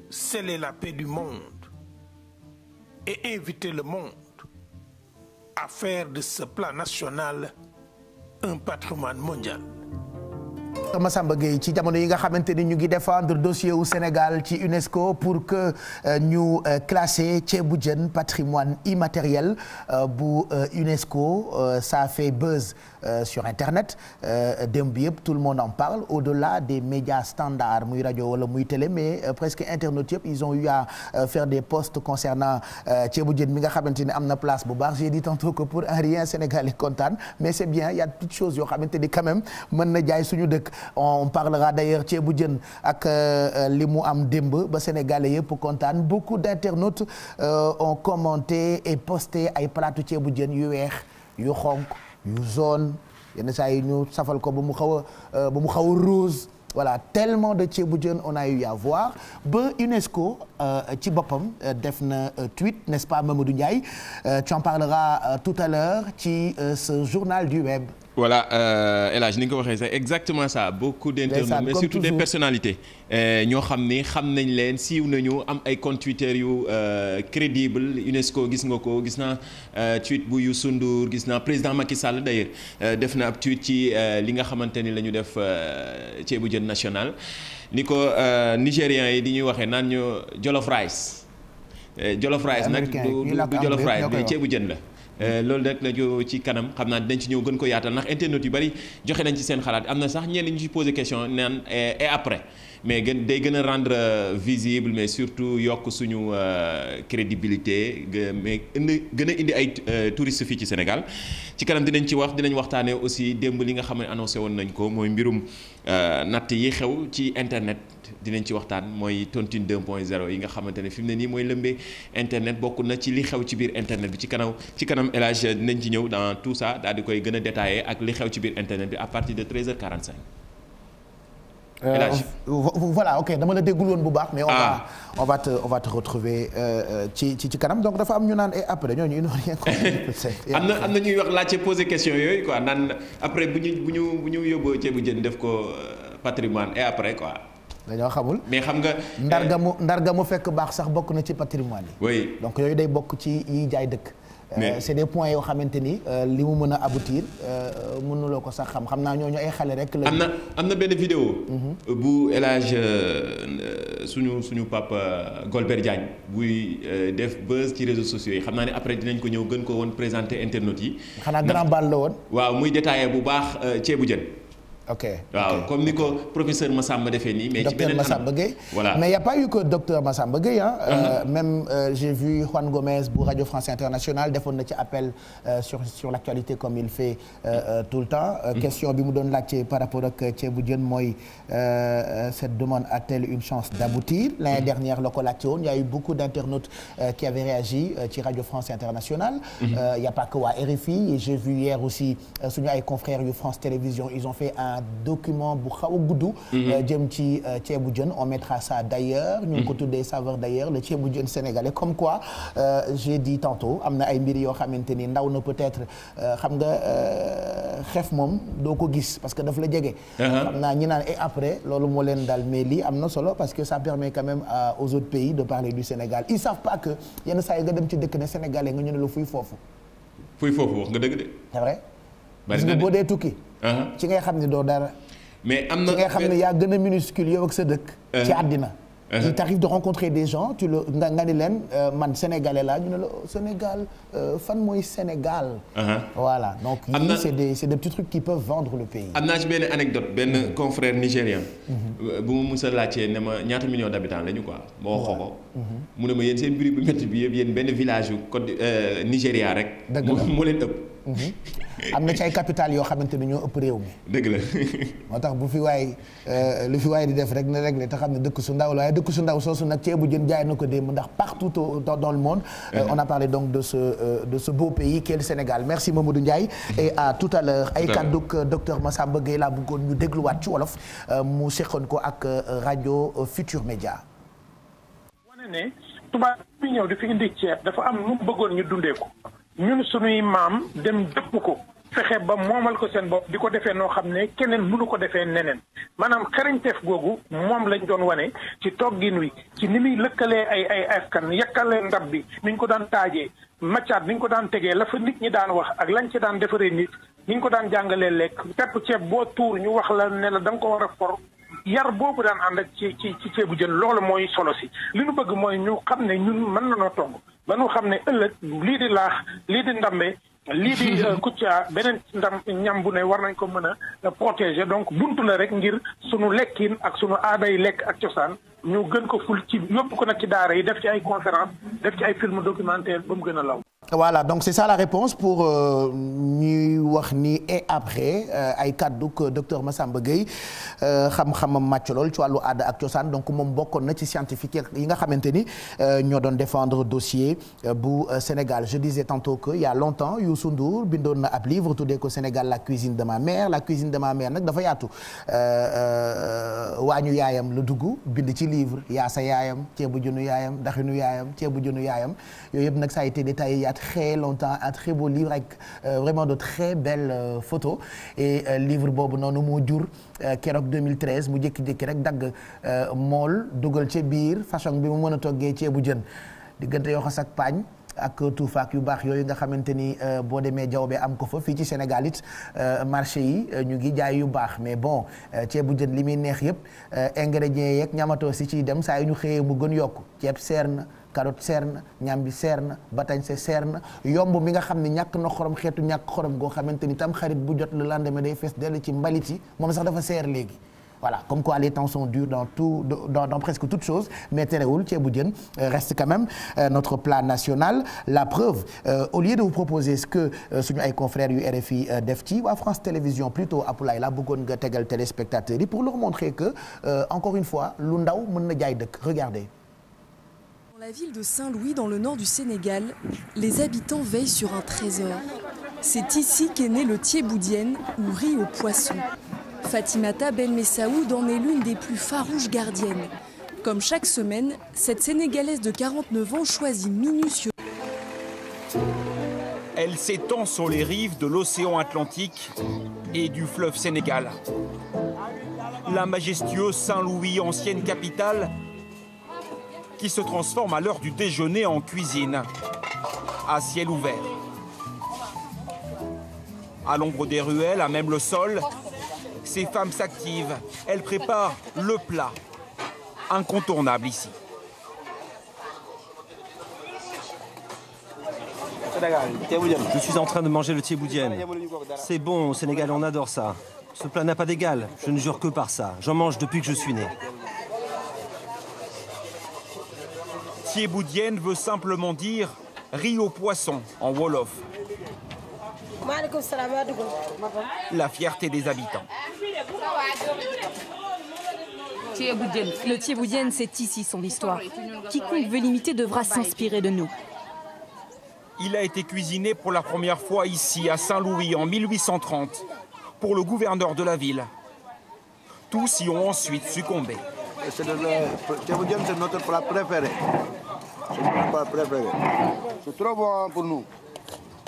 sceller la paix du monde et inviter le monde à faire de ce plan national un patrimoine mondial. Massamba Gueye ci jamono yi nga xamante ni ñu ngi défendre dossier wu Sénégal ci UNESCO pour que euh, ñu euh, classé bu jën patrimoine immatériel euh, bu UNESCO ça fait buzz Euh, sur internet euh, démb bi yëpp tout le monde en parle au-delà des média standards muy rajo wala muy télé mais euh, presque internautes yëpp ils ont eu à faire des posts concernant ceebu jën mi nga xamante ni am na place bu baax j'ai di tantôt que pour un rien sénégalais kontaan mais c'est bien ya y a yoo xamante ni quand même mën na jaay suñu dëkk on parlera d'ailleurs ceebu jën ak li mu am démb ba sénégalais yëpp kontaan beaucoup d'internautes on commenté et post ay platu ceebu jën yu weex yu xonk yu zone yenn saa yi ñu safal ko ba mu xaw a euh, ba mu xaw a rose voilà tellement de ci jën on a eu à voir ba UNESCO euh, ci boppam euh, def na tweet n'est-ce pas Mamadou Ndiaye tu en parleras tout à l'heure ci ce journal du web voilà euh, El Hadj ni nga ko waxee c'est exactement ça beaucoup d'internautes mais surtout des personnalités euh, ñoo xam ni xam nañ leen siiw nañu am ay comptes Twitter yu euh, crédible UNESCO gis nga ko gis naa tweet bu yu Ndour gis na président Macky Sall d'ailleurs def na ab tweet ci li nga xamante ni la def ceebu jën national ni ko nigérians yi di ñuy waxee naan ñu jollof rice jollof rice nag du jollof rice mais ceebu jën la Euh, loolu rek la ñu ci kanam xam naa dañ ci ñëw gën ko yaatal ndax internet yu bari joxe nañ ci seen xalaat am na sax ñenn ñu ci posé question naan e après mais gën day gën a rendre euh, visible mais surtout yokk suñu crédibilité mais indi gën a indi ay touristes fii ci Sénégal ci kanam dinañ ci wax dinañ waxtaanee aussi démb li nga xam ne annoncé woon nañ ko mooy mbirum natt yi xew ci internet. dinañ ci waxtaan mooy tontine point 0 yi nga xamante ne fi mu ne nii mooy lëmbee internet bokk na ci li xew ci biir internet bi ci kanam ci kanam élage dinañ ci ñëw dans tout ça daal di koy gën a détaillé ak li xew ci biir internet bi à partir de 13h45. élage euh, voilà ok dama la déggul woon bu baax. mais on va ah. on va te on retrouver euh, euh, ci ci ci kanam donc dafa am ñu naan et après ñooñu ils n'ont rien compris. [LAUGHS] am na am na ñuy wax laajte poser question yooyu quoi naan après bu ñu bu ñu bu ñu yóbboo ceebu jën def ko patrimoine et quoi. dañoo xamul. mais xam nga. ndarga euh, mu ndarga mu fekk baax sax bokk na ci patrimoine yi. oui donc yooyu day bokk ci yiy jaay dëkk. Euh, mais c'est des points yoo xamante ni euh, li mu mën a aboutir mënuloo ko sax xam xam naa ñooñu ay xale rek. am na am na benn vidéo. Mhm. bu El Hadj suñu suñu papa Golbert Diagne buy def buzz ci réseaux sociaux yi xam naa ne après dinañ ko ñëw gën ko woon présenter internautes yi. xanaa grand bal la woon. waaw muy détaillé bu baax ceebu jën. ok waaw comme ni ko professeur Massamba defee nii. mais a pas eu que docteur Massamba Gueye ah. même euh, Juan Gomez bu radio France Internationale defoon na ci appel euh, sur sur comme il fait tout le temps. Mm-hmm. question bi mu doon laajte par rapport ak ceebu jën mooy cette demande a-t-elle une chance d' aboutir mm-hmm. dernière la ko laajte woon a eu beaucoup d' internautes qui avaient réagi ci radio France Internationale. Mm-hmm. y' a pas que waa RFI j'ai vu hier aussi suñu ab document bu xaw a gudd mhm. euh, jëm ci euh, ceebu jën on mettra ça d'ailleurs ñu ngi ko mhm. tuddee saveur d'ailleurs le ceebu jën sénégalais comme quoi euh, j'ai dit tantôt am na ay mbir yoo xamante ni ndaw na peut-être xam nga xef moom doo ko gis parce que daf la jege xam uh-huh. naa ñi naan et après loolu moo leen dal mais lii am na solo parce que sa permet quand même aux autres pays de parler du Sénégal ils savent pas que yenn saa yi nga dem ci dëkk ne sénégalais nga ñu ne la fu foofu Uh-huh. ci ngay xam ne doo dara. mais am na ci xam ne yaa gën a minuscule yow ak sa dëkk. Uh-huh. ci àddina. Uh-huh. il t'arrive de rencontrer des gens tu le nga nga ni leen euh, man sénégalais laa ñu ne la oh, Sénégal euh, fan mooy Sénégal. voilà donc yii c'est des c'est des petits trucs qui peuvent vendre le pays. am naa ci benn anecdote benn mm-hmm. confrère nigérien. Mm-hmm. bu ma mës a laajtee ne ma ñaata millions d'habitants lañu quoi. moo xoo mm-hmm. mu ne ma yéen seen mbir bu métti bi yëpp yéen benn village yu côté euh, Nigéria rek. dëgg la moo leen ëpp. am na ci ay capital yoo xamante ni ñoo ëpp réew mi. dëgg la. moo tax bu fi waay euh, li fi waay di def rek na réglé te xam ne dëkk su ndaw la waaye dëkk su ndaw soosu nag bu jën jaay na ko démb ndax partout dans le monde. Euh, eh on a parlé donc de ce euh, de ce beau pays qu'est Sénégal merci Mamadou Ndiaye. Mm-hmm. et à tout à l'heure ay kaddu docteur Massamba Gueye laa bëggoon ñu dégluwaat ci wolof mu seqoon ko ak rajo Futur Média. tubaab bi ñëw di fi indi ceeb dafa ñun suñuy maam dem dëpp ko fexe ba moomal ko seen bopp di ko defee noo xam ne keneen mënu ko defee neneen maanaam xarañteef googu moom lañ doon wane ci toggin wi ci ni muy lëkkalee ay ay askan yakkalee ndab bi ñu ko daan taajee maccaat ñu ko daan tegee la fa nit ñi daan wax ak lañ ci daan defaree nit ñu ko daan jàngalee lekk tepp ceeb boo tuur ñu wax la ne la danga ko war a for yar boobu daan ànd ak ci ci ceebu jën loolu mooy solo si li ñu bëgg mooy ñu xam ne ñun mën nañoo togg ba nu xam ne ëllëg lii di laax lii di ndambe lii di [LAUGHS] euh, Kouthia beneen ndam ñam bu ne war nañ ko mën a protéger donc buntu la rek ngir sunu lekkin ak sunu yi lekk ak cosaan ñu gën ko ful ci yóbbu ko nag ci daara def ci ay conférence def ci ay film documentaire ba mu gën law. voilà donc c'est ça la réponse pour euh, ñuy wax ni et après euh, ay kàdduk docteur Massamba Gueye euh, xam-xamam màcc lool ci wàllu aada ak cosaan donc moom bokkoon na ci scientifique yi nga xamante ni ñoo doon défendre dossier bu Sénégal je disais tantôt que il y a longtemps Youssou Ndour bindoon na ab livre tuddee ko Sénégal la cuisine de ma mère la cuisine de ma nag dafa yaatu waañu yaayam la dugg livre yaa sa yaayam ceebu jënu yaayam daxinu yaayam ceebu jënu yaayam yooyu yëpp nag ça a été détaillé il y a très longtemps un très livre avec euh, vraiment de très belles euh, e livre boobu noonu moo jur euh, keroog 2013 mu jékki-jékki rek dagg mool dugal ca biir façon bi mu mën a toggee ceebu jën diggante yoo xas ak paañ ak tuufaak yu baax yooyu nga xamante ni euh, boo demee jawbe am ko fa fii ci Sénégal it euh, marché yi euh, ñu ngi jaay yu baax mais bon ceebu jën li muy neex yëpp ingrédients yeeg ñamatoo si ciy dem saa yu ñu xëyee mu gën yokk ceeb seer na carotte seer na bi seer na batañse seer na yomb mi nga xam ne ñàkk na xorom xeetu ñàkk xorom goo xamante ni tam xarit bu jot le lendemain day fees dell ci mbalit yi moom sax dafa seer léegi voilà comme quoi les temps sont durs dans tout dans, dans presque toute chose mais terewul ceebu jën euh, reste quand même euh, notre plat national la preuve euh, au lieu de vous proposer ce que euh, suñu ay confrères yu RFI euh, def ci waa France Télévisions plutôt Apulaay la bëggoon nga tegal téléspectateurs yi pour leur montrer que encore une fois lu ndaw mën na jaay dëkk regardez Dans la ville de Saint-Louis, dans le nord du Sénégal, les habitants veillent sur un trésor. C'est ici qu'est né le Thieboudienne, ou riz aux poissons. Fatimata Ben Messaoud en est l'une des plus farouches gardiennes. Comme chaque semaine, cette Sénégalaise de 49 ans choisit minutieusement. Elle s'étend sur les rives de l'océan Atlantique et du fleuve Sénégal. La majestueuse Saint-Louis, ancienne capitale, qui se transforme à l'heure du déjeuner en cuisine, à ciel ouvert. À l'ombre des ruelles, à même le sol, Ces femmes s'activent, elles préparent le plat. Incontournable ici. Je suis en train de manger le thieboudienne. C'est bon, au Sénégal, on adore ça. Ce plat n'a pas d'égal. Je ne jure que par ça. J'en mange depuis que je suis né. Thieboudienne veut simplement dire riz au poisson en Wolof. La fierté des habitants. Le Thieboudienne, c'est ici son histoire. Quiconque veut l'imiter devra s'inspirer de nous. Il a été cuisiné pour la première fois ici, à Saint-Louis, en pour le gouverneur de la ville. Tous y ont ensuite succombé. Le Thieboudienne, c'est notre plat préféré. pour nous.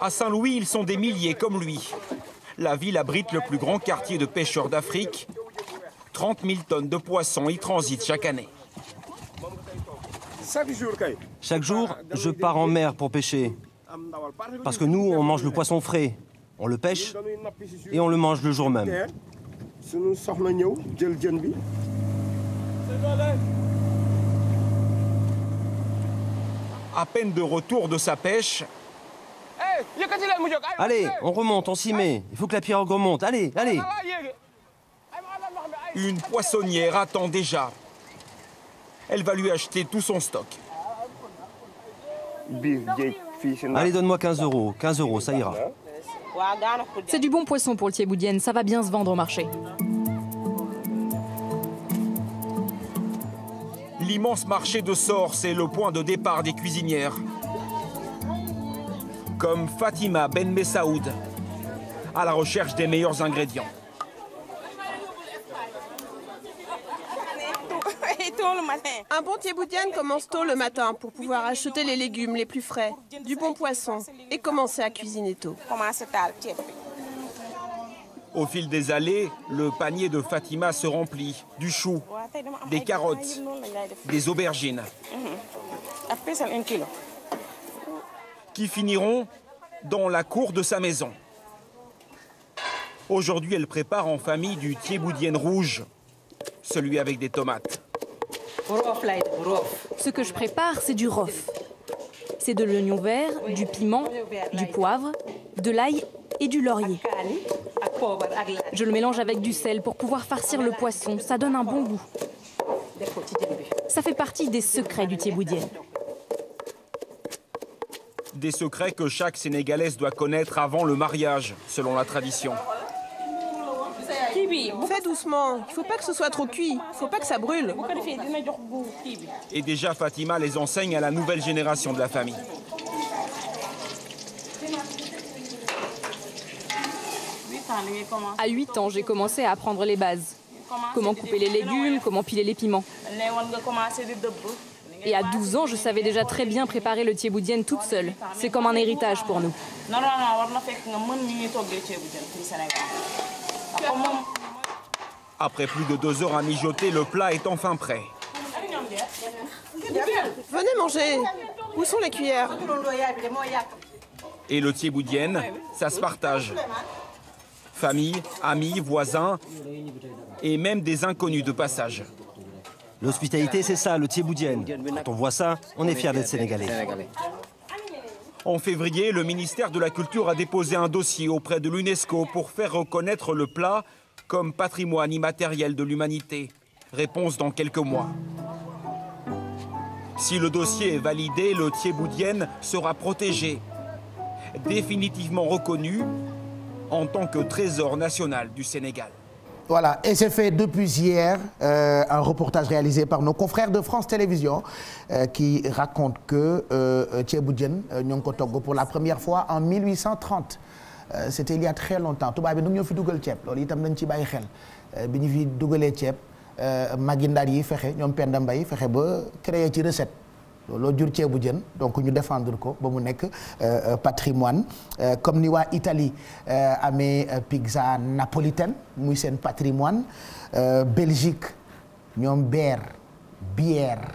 À Saint-Louis, ils sont des milliers comme lui. La ville abrite le plus grand quartier de pêcheurs d'Afrique. 30 000 tonnes de poissons y transitent chaque année. Chaque jour, je pars en mer pour pêcher. Parce que nous, on mange le poisson frais. On le pêche et on le mange le jour même. À peine de retour de sa pêche, Allez, on remonte, on s'y met. Il faut que la pirogue remonte. Allez, ah, allez. Ah, ah, Une poissonnière attend déjà. Elle va lui acheter tout son stock. Allez, donne-moi 15 euros. 15 euros, ça ira. C'est du bon poisson pour le Thieboudienne. Ça va bien se vendre au marché. L'immense marché de Sors, c'est le point de départ des cuisinières. comme Fatima Ben Messaoud, à la recherche des meilleurs ingrédients. Un bon thieboudian commence tôt le matin pour pouvoir acheter les légumes les plus frais, du bon poisson et commencer à cuisiner tôt. Au fil des allées, le panier de Fatima se remplit. Du chou, des carottes, des aubergines. Mm-hmm. qui finiront dans la cour de sa maison. Aujourd'hui, elle prépare en famille du thiéboudienne rouge, celui avec des tomates. Ce que je prépare, c'est du rof. C'est de l'oignon vert, du piment, du poivre, de l'ail et du laurier. Je le mélange avec du sel pour pouvoir farcir le poisson. Ça donne un bon goût. Ça fait partie des secrets du thiéboudienne. des secrets que chaque Sénégalaise doit connaître avant le mariage, selon la tradition. Kibi, doucement. Il faut pas que ce soit trop cuit. Il faut pas que ça brûle. Et déjà, Fatima les enseigne à la nouvelle génération de la famille. À 8 ans, j'ai commencé à apprendre les bases. Comment couper les légumes, comment piler les piments. Et à 12 ans, je savais déjà très bien préparer le thieboudienne toute seule. C'est comme un héritage pour nous. Après plus de deux heures à mijoter, le plat est enfin prêt. Venez manger. Où sont les cuillères Et le thieboudienne, ça se partage. Famille, amis, voisins et même des inconnus de passage. L'hospitalité, c'est ça, le thieboudienne. Quand on voit ça, on est fier d'être sénégalais. En février, le ministère de la Culture a déposé un dossier auprès de l'UNESCO pour faire reconnaître le plat comme patrimoine immatériel de l'humanité. Réponse dans quelques mois. Si le dossier est validé, le thieboudienne sera protégé, définitivement reconnu en tant que trésor national du Sénégal. Voilà, et c'est fait depuis hier euh, un reportage réalisé par nos confrères de France Télévisions euh, qui raconte que ceebu euh, jën euh, ñoo ngi ko togg pour la première fois en 1830 euh, c'était il y a très longtemps tubaab bi nu ñoo fi dugal ceeb loolu itam nañ ci bàyyi xel bi ñu fi dugalee ceeb magi ndar yi fexe ñoom Penda Mbaye fexe ba créer ci recette looloo jur ceebu jën donc ñu défendre ko ba mu nekk euh, patrimoine euh, comme ni waa Italie euh, amee pizza napolitaine muy seen patrimoine Belgique ñoom beer bière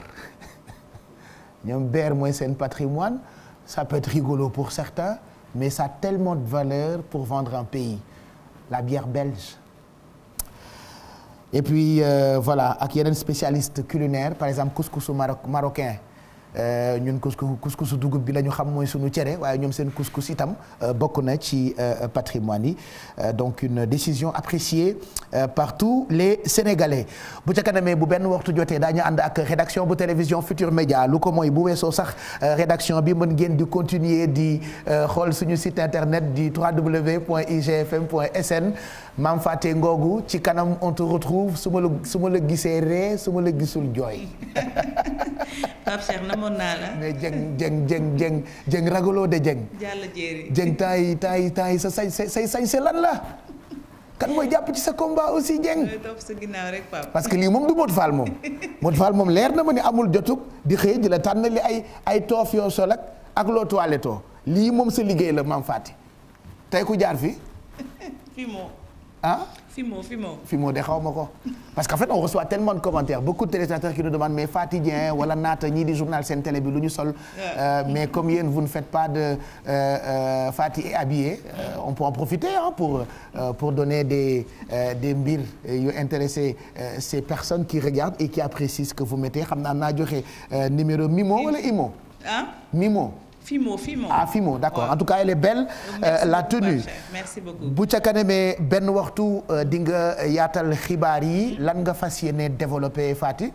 [LAUGHS] ñoom beer mooy seen patrimoine ça peut rigolo pour certains mais ça a tellement de valeur pour vendre un pays la bière belge et puis euh, voilà ak yeneen spécialiste culinaire par exemple couscous marocain Euh, ñun couscous couscousu dugub bi la ñu xam mooy suñu cere waaye ñoom seen couscous itam euh, bokk na ci euh, patrimoine yi donc une décision appréciée par tous les Sénégalais bu ca kanamee bu benn waxtu jotee ñu ànd ak rédaction bu télévision Futur Média lu ko mooy bu weesoo sax rédaction bi mën ngeen di continuer di xool suñu site internet di www.igfm.sn maam fàtte ngoogu ci kanam on retrouve su ma la su ma la gisee ree su ma la gisul jooy. [LAUGHS] Pape Cheikh namoon naa la. mais jëng jëng jëng jëng ragaloo de jëng. jàll jéeri jëng temps yi temps yi sa sañ say sañse lan la. kan mooy jàpp ci sa combat aussi jëng. topp sa rek Pape. parce que lii moom du Modou Fall moom [LAUGHS] Modou moom leer na ma ni amul jotug di xëy di la tànn ay ay toof yoo sol ak loo toilettoo lii moom sa liggéey la maam fàtte tey ku jaar fi. [LAUGHS] ah. Fimo Fimo. Fimo de xaw ma ko parce qu'en fait on reçoit tellement de commentaires beaucoup de téléspectateurs qui nous demandent mais Faty Dieng wala naata ñii di journal seen télé bi lu ñu sol. Euh, mais comme yéen vous ne faites pas de euh, euh Faty est euh, on peut en profiter pour pour donner des des mbir yu intéresser ces personnes qui regardent et qui apprécient ce que vous mettez xam naa naa joxe numéro Mimo wala Imo. ah Fimo Fimo ah Fimo d'accord ouais. en tout cas belle. Euh, la tenue merci beaucoup bu ca kanamee benn waxtu euh, di nga yaatal xibaar yi lan nga fas yéene développé Fati.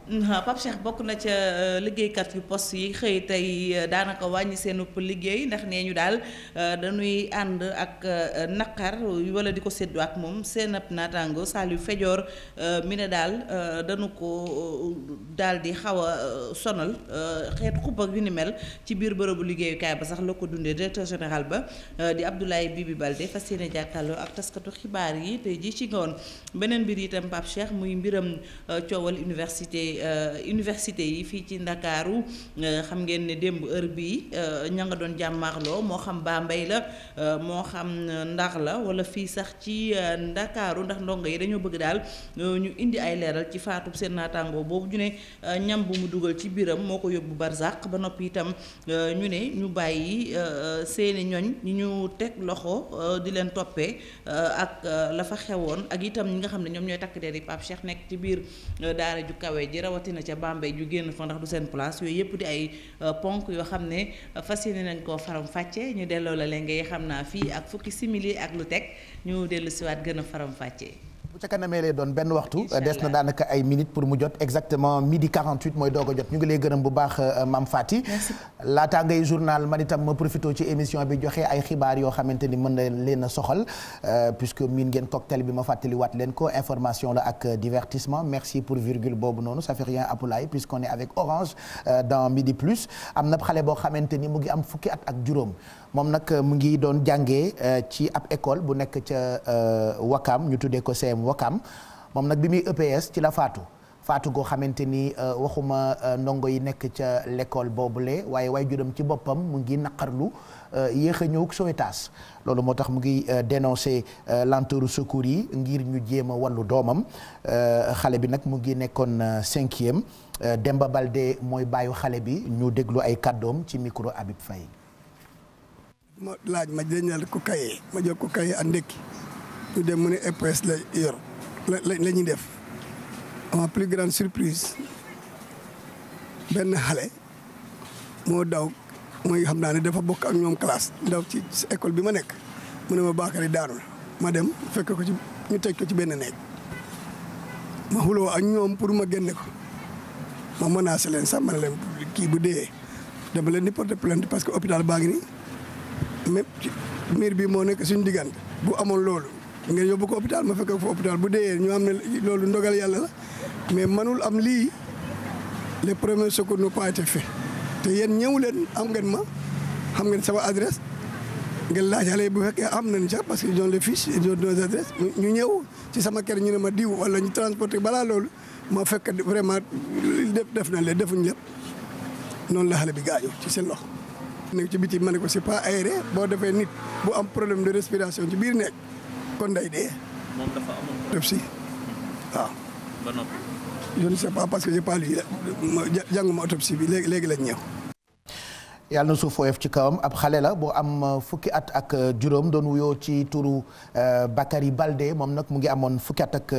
Pape Cheikh bokk na ca euh, liggéeykat yu poste yi xëy tey daanaka wàññi seen liggéey ndax nee ñu daal dañuy ànd ak naqar wala di ko séddoo ak moom seen ab naataango yu Fejoor mu ne daal danu ko daal di xaw sonal xeet xupp ak ci biir bërëbu liggéey. yëglekaay ba sax la ko dundee directeur général ba euh, di Abdoulaye Bibi Baldé fas yéene jàkkaarloo ak taskatu xibaar yi tey jii ci ngoon beneen mbir itam Pape Cheikh muy mbiram euh, coowal université euh, université yi fii ci Ndakaaru xam ngeen ne démb heure bii ña nga doon jàmmaarloo moo xam Bambey la moo xam Ndar la wala fii sax ci Ndakaaru ndax ndongo yi dañoo bëgg daal ñu indi ay leeral ci faatub seen naataangoo boobu ñu ne ñam bu mu dugal ci biram moo ko yóbbu barzaq ba noppi itam ñu ne ñu bàyyi euh, seeni ñoñ ñu ñu teg loxo euh, di leen toppee euh, ak la fa xewoon ak itam ñi nga xam ne ñoom ñooy takk der yi pap Cheikh nekk ci biir daara ju kawe ji rawatina ca Bambey ju génn fa ndax du seen place yooyu yëpp di ay ponk yoo xam ne fas yéene nañ koo faram fàcce ñu delloo la leen xam naa fii ak fukki simili ak lu teg ñu dellu si waat gën a faram fàcce bu ca kanamee lay doon benn waxtu des na daanaka ay minutes pour mu jot exactement midi 48 mooy doog a jot ñu ngi lay gërëm bu baax euh, Mame Faty laataa ngay journal man itam ma profité ci émission bi joxe ay xibaar yoo xamante ni mën na leen a soxal euh, puisque miin ngeen cocktail bi ma fàttaliwaat leen ko information la ak divertissement merci pour virgule boobu noonu sa fait rien Apulaay puisqu'on est avec Orange euh, dans Midi Plus am na xale boo xamante ni mu ngi am fukki at ak juróom moom nag euh, mu ngi doon jàngee euh, ci ab école bu nekk ca euh, Wakam ñu tuddee ko CM Wakam moom nag bi muy EPS ci la faatu faatu goo xamante ni waxuma ndongo yi nekk ca l'école boobule waaye waaye juróom ci boppam mu ngi naqarlu yéex a ñëw Sowétas loolu moo tax mu ngi dénoncer lenteuru secours yi ngir ñu jéem a wàllu doomam xale bi nag mu ngi nekkoon cinquième Demba Baldé mooy bàyyi xale bi ñu déglu ay kàddoom ci micro Habib fay ma laaj ma jëndal ko kaye ma ko kaye ak ndekki ñu dem mu ne la yor la ñuy def ma plus grande surprise benn xale moo daw mooy xam naa ne dafa bokk ak ñoom classe daw ci école bi ma nekk mu ne ma Bakary daanu la ma dem fekk ko ci ñu tëj ko ci benn néeg ma xuloo ak ñoom pour ma génne ko ma menacé leen sax ma leen kii bu dee dama leen di porter plainte parce que hôpital baa ngi nii même miir bii moo nekk suñu diggante bu amoon loolu ngeen yóbbu ko hôpital ma fekk ko fa bu dee ñoo am ne loolu ndogal yàlla la mais manul am lii les premiers secours n'ont pas été faits te yéen ñëw leen am ngeen ma xam ngeen sama adresse ngeen laaj xale yi bu fekkee am nañ sax parce que ils ont les fiches ils ñu ñëw ci sama kër ñu ne ma diw wala ñu transporté balaa loolu ma fekk vraiment def def na leen defuñ lépp noonu la xale bi gaañoo ci seen lox nekk ci biti ma ne ko c'est pas aéré boo defee nit bu am problème de respiration ci biir nekk kon day dee. moom si waaw. ba noppi. pas parce que j'ai pas lu jànguma autopsie léegi léegi lañ ñëw. yàlla na ci kawam ab xale la boo am euh, fukki at ak euh, juróom doon wuyoo ci turu euh, Bakary Balde moom nag mu ngi amoon fukki at ak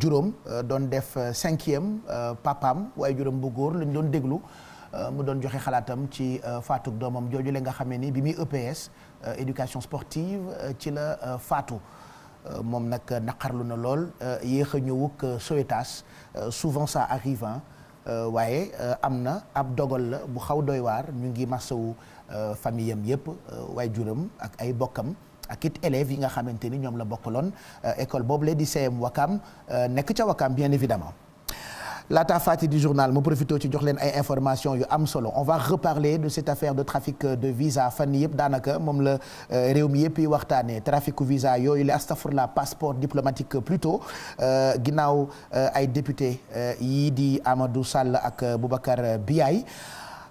juróom doon def cinquième papaam waaye juróom bu góor lañ doon déglu. Euh, mu doon joxe xalaatam ci euh, faatuk doomam jooju le nga xamee ni bi muy EPS euh, éducation sportive ci la faatu moom nag naqarlu na lool yéex a ñëwuk Sowétas souvent ça arrive waaye am na ab dogal la bu xaw doy waar ñu ngi massawu famille am yëpp waay juram ak ay bokkam ak it élèves yi nga xamante ni ñoom la bokkaloon école boobu la di CM Wakam nekk ca Wakam bien évidemment laataa fàtti du journal mu profité ci jox leen ay information yu am solo on va reparler de cette affaire de trafic de visa fan yëpp daanaka moom la euh, réew mi yëpp yi waxtaanee traficu visa yooyu la astafurla passeport diplomatique plutôt euh, ginnaaw euh, ay député yii di Amadou Sall ak Boubacar Biaye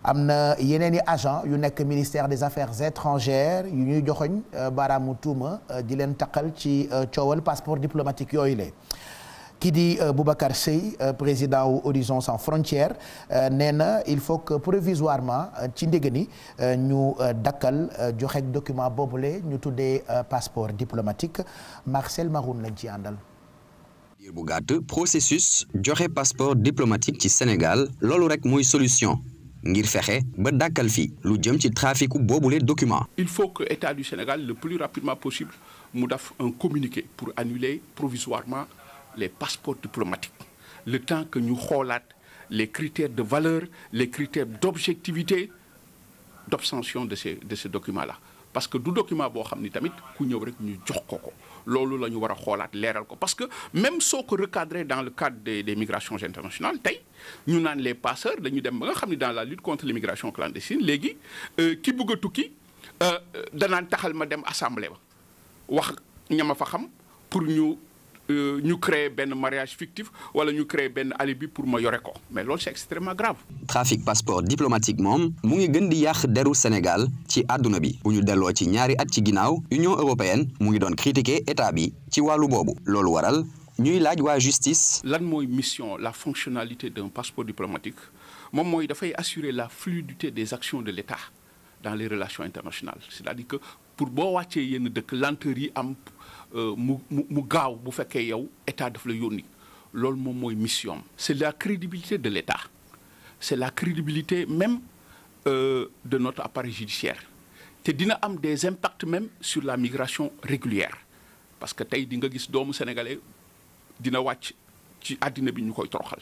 am na yeneen i agent yu nekk ministère des affaires étrangères yu ñuy joxoñ baaraamu tuuma di leen taqal ci coowal passeport diplomatique yooyu la ki di euh, Boubacar Seye euh, président wu Horizon Sans Frontières euh, nee na il faut que provisoirement ci ndégg ni ñu dakkal joxe document boobule ñu tuddee passeport diplomatique Marcel Maroun lañ ci àndal. bu gàtt processus joxe passeport diplomatique ci Sénégal loolu rek mooy solution. ngir fexe ba dàkkal fi lu jëm ci traficu boobule document. il faut que état du Sénégal le plus rapidement possible mu def un communiqué pour annuler provisoirement. les passeports diplomatiques le temps que ñu xoolaat le critère de valeur les critères d'objectivité d'obtention de ces de ces documents là parce que du document boo xam ni tamit ku ñëw rek ñu jox ko ko loolu la ñu war a xoolaat leeral ko parce que même soo ko recadré dans le cadre des des migrations internationales tey ñu naan les passeurs dañu dem ba nga xam ni dans la lutte contre l'immigration clandestine léegi euh, ki bëgg a tukki euh, danaan taxal ma dem assemblée ba wax ñama fa xam pour ñu. Euh, ñu créer benn mariage fictif wala ñu créer benn alibi pour ma yore ko mais loolu c'est extrêmement grave. trafic passeport diplomatique moom mu ngi gën di yàq deru Sénégal ci àdduna bi bu ñu delloo ci ñaari at ci ginnaaw Union européenne mu ngi doon critiquer état bi ci wàllu boobu loolu waral ñuy laaj waa justice. lan mooy mission la fonctionnalité d'un passeport diplomatique moom mooy dafay assurer la fluidité des actions de l'État dans les relations internationales cest à yi Euh, mu mu mu gaaw bu fekkee yow état daf la yónni loolu moom mooy mission c'est la crédibilité de l'état c'est la crédibilité même euh, de notre appareil judiciaire te dina am des impacts même sur la migration régulière parce que tey di nga gis doomu sénégalais dina wàcc ci àddina bi ñu koy toroxal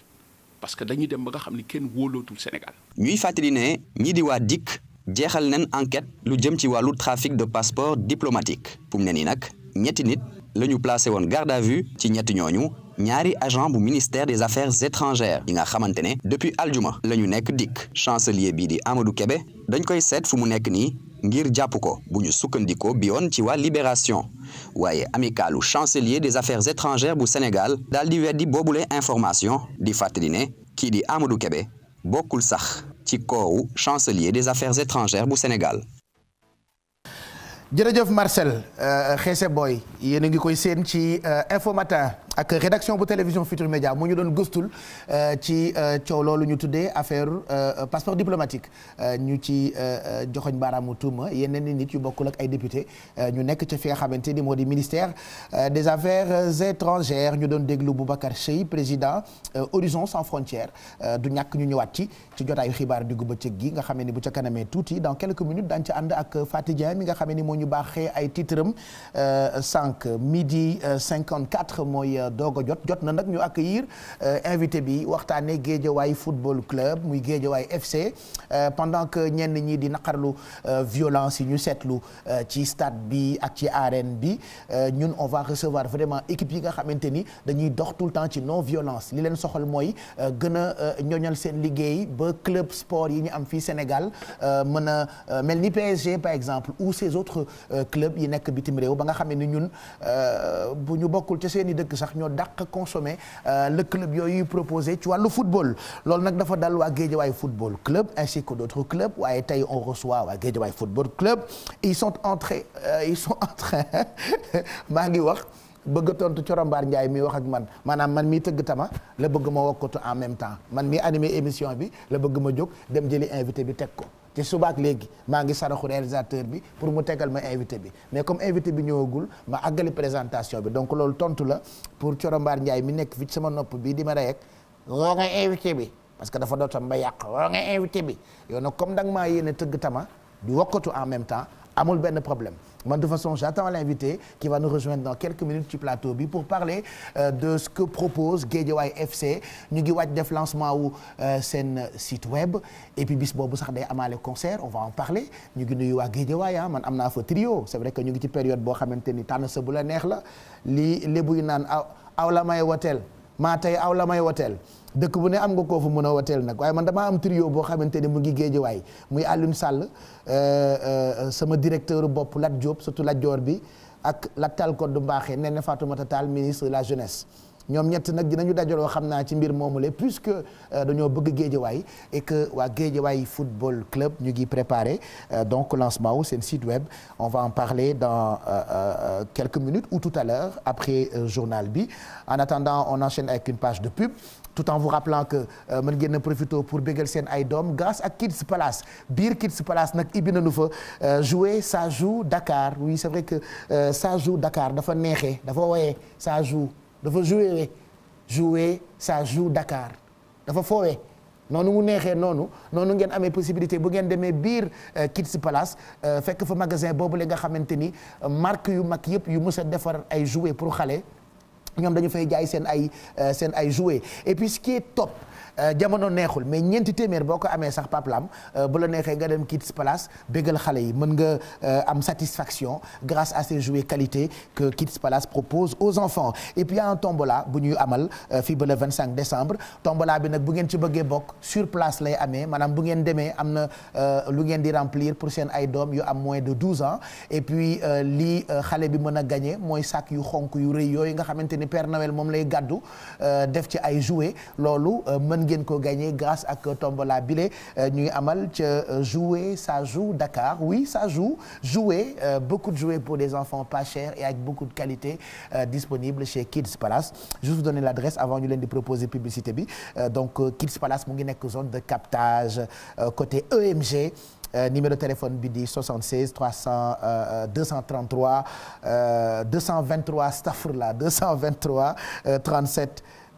parce que dañuy dem ba nga xam ni kenn wóolootul Sénégal. ñuy fàttali ne ñii di waa dikk jeexal nañ enquête lu jëm ci wàllu trafic de passeport diplomatique fu mu ne nag. ñetti nit la ñu placé woon garde à vue ci ñetti ñooñu ñaari agent bu ministère des affaires étrangères yi nga xamante ne depuis aljuma la ñu nekk dikk chancelier bii di Amadou Kébé dañ koy seet fu mu nekk nii ngir jàpp ko bu ñu sukkandikoo bi yoon ci waa Libération waaye amicalu chancelier des affaires étrangères bu Sénégal daal di weddi boobule information di fàttali ne kii di Amadou Kébé bokkul sax ci koowu chancelier des affaires étrangères bu Sénégal jërëjëf Marcel xeese euh, booy yéen a ngi koy séen ci euh, info matin ak rédaction bu télévision Futur Média mu ñu doon gëstul euh, ci euh, coow loolu ñu tuddee affaire euh, passeport diplomatique ñu ci joxoñ baaraamu tuuma yeneen ni nit yu bokkul ak ay député ñu nekk ca fi nga xamante ni moo di ministère des affaires étrangères ñu doon déglu Boubacar Cheye président Horizon sans frontières du ñàkk ñu ñëwaat ci ci jotaayu xibaar diggu bëccëg gi nga xamee ni bu ca kanamee tuuti dans quelques minutes dañ ca ànd ak Fatou Diagne mi nga xamee ni moo ñu baaxee ay titre am sànq midi 54 mooy. doog jot jot na nag ñu accueillir euh, invité bi waxtaane Guédiawaye football club muy Guédiawaye FC euh, pendant que ñenn ñi di naqarlu euh, violence yi ñu seetlu ci stade bi ak ci arène bi ñun on va recevoir vraiment équipe yi nga xamante ni dañuy dox tout le temps ci non violence li leen soxal mooy gën a ñoñal seen liggéey ba club sport yi ñu am fii Sénégal mën a mel ni PSG par exemple ou ces autres clubs yi nekk bitim réew ba nga xam ne ni ñun bu ñu bokkul ci seen ñoo dàq consommer euh, le club yooyu proposé ci wàllu football loolu nag dafa dal waa Guédiawaye football club ainsi que d'autres clubs waaye tey on reçoit waa Guédiawaye football club ils sont entrés euh, ils sont en train [LAUGHS] maa ngi wax bëgg tontu corombaar Ndiaye mi wax ak man maanaam man mi tëgg tama la bëgg ma wokkatu en même temps man mi animer émission bi la bëgg ma jóg dem jëli invité bi teg ko te subaak léegi maa ngi saraxu réalisateur bi pour mu tegal ma invité bi mais comme invité bi ñëwagul ma àggali présentation bi donc loolu tontu la pour Coro Mbaar mi nekk fi ci sama nopp bii di ma reyek woo nga invité bi parce que dafa dootam ba yàq woo invité bi yow nag comme da nga maa yéene tëgg tama di wokkatu en même temps amul benn problème man de toute façon j'attends l'invité qui va nous rejoindre dans quelques minutes ci plateau bi pour parler euh, de ce que propose Guédiawaye FC ñu ngi waaj def lancement wu euh, seen site web et puis bis boobu sax day amaale concert on va en parler ñu ngi nuyu waa Guédiawaye ah man am naa fa trio c'est vrai que ñu ngi ci période boo xamante ni tànn sa bu la neex la lii lébuy naan aw aw la may woteel maa tey aw la may woteel dëkk bu ne am nga koo fa mën a woteel nag waaye man damaa am trio boo xamante ne mu ngi géejewaay muy Alioune Sall euh, euh, sama directeur bopp Lat Diop surtout Lat joor bi ak Lat Tall Kodou Mbaxe nee na Fatoumata Tall ministre de la jeunesse ñoom ñett nag dinañu dajaloo xam naa ci mbir moomule plus que euh, dañoo bëgg géejewaay et que waa géejewaay football club ñu ngi préparé donc lancement wu seen site web on va en parler dans quelques minutes ou tout à l'heure après journal bi en attendant on enchaîne avec de pub tout en vous que euh, mën ngeen a profité pour bégal seen ay doom grâce ak Kids Palace biir Kids Palace nag ibbi nañu fa euh, jouer ça jour dakaar oui c'est vrai que euh, ça joue dakaar dafa neexee dafa woyee ça joue dafa jouer jouer ça joue Dakar dafa foowee noonu mu neexee noonu noonu ngeen amee possibilité bu ngeen demee biir Kids Palace fekk fa magasin boobu la nga xamante ni marque yu mag yëpp yu mës a defar ay jouets pour xale ñoom dañu fay jaay seen ay euh, seen ay jouets et puis ce top Euh, jamono neexul mais ñeenti téeméer boo ko amee sax paplam euh, bu la neexee nga dem Kids Palace bégal xale yi mën nga euh, am satisfaction grâce à ces jouets qualité que Kids Palace propose aux enfants et puis y a un tombola bu ñuy amal fii ba le 25 décembre tombola bi nag bu ngeen ci bëggee bokk sur place lay amee maanaam bu ngeen demee am na lu ngeen di remplir pour seen ay doom yu am moins de 12 ans et puis lii xale bi mën a gagné mooy sac yu xonk yu rëy yooyu nga xamante ni Père Noël moom lay gàddu def ci ay jouets loolu ngeen ko gagné grâce ak tombola bile euh, ñuy amal ca euh, jouer ça joue Dakar oui ça joue jouer euh, beaucoup de jouets pour des enfants pas chers et avec beaucoup de qualité disponible chez Kids Palace juste vous donner l'adresse avant ñu leen di proposer publicité bi donc Kids Palace mu ngi nekk zone de captage côté EMG numéro téléphone bi di 76 300 euh, 233 euh, 223 stafurla 223 37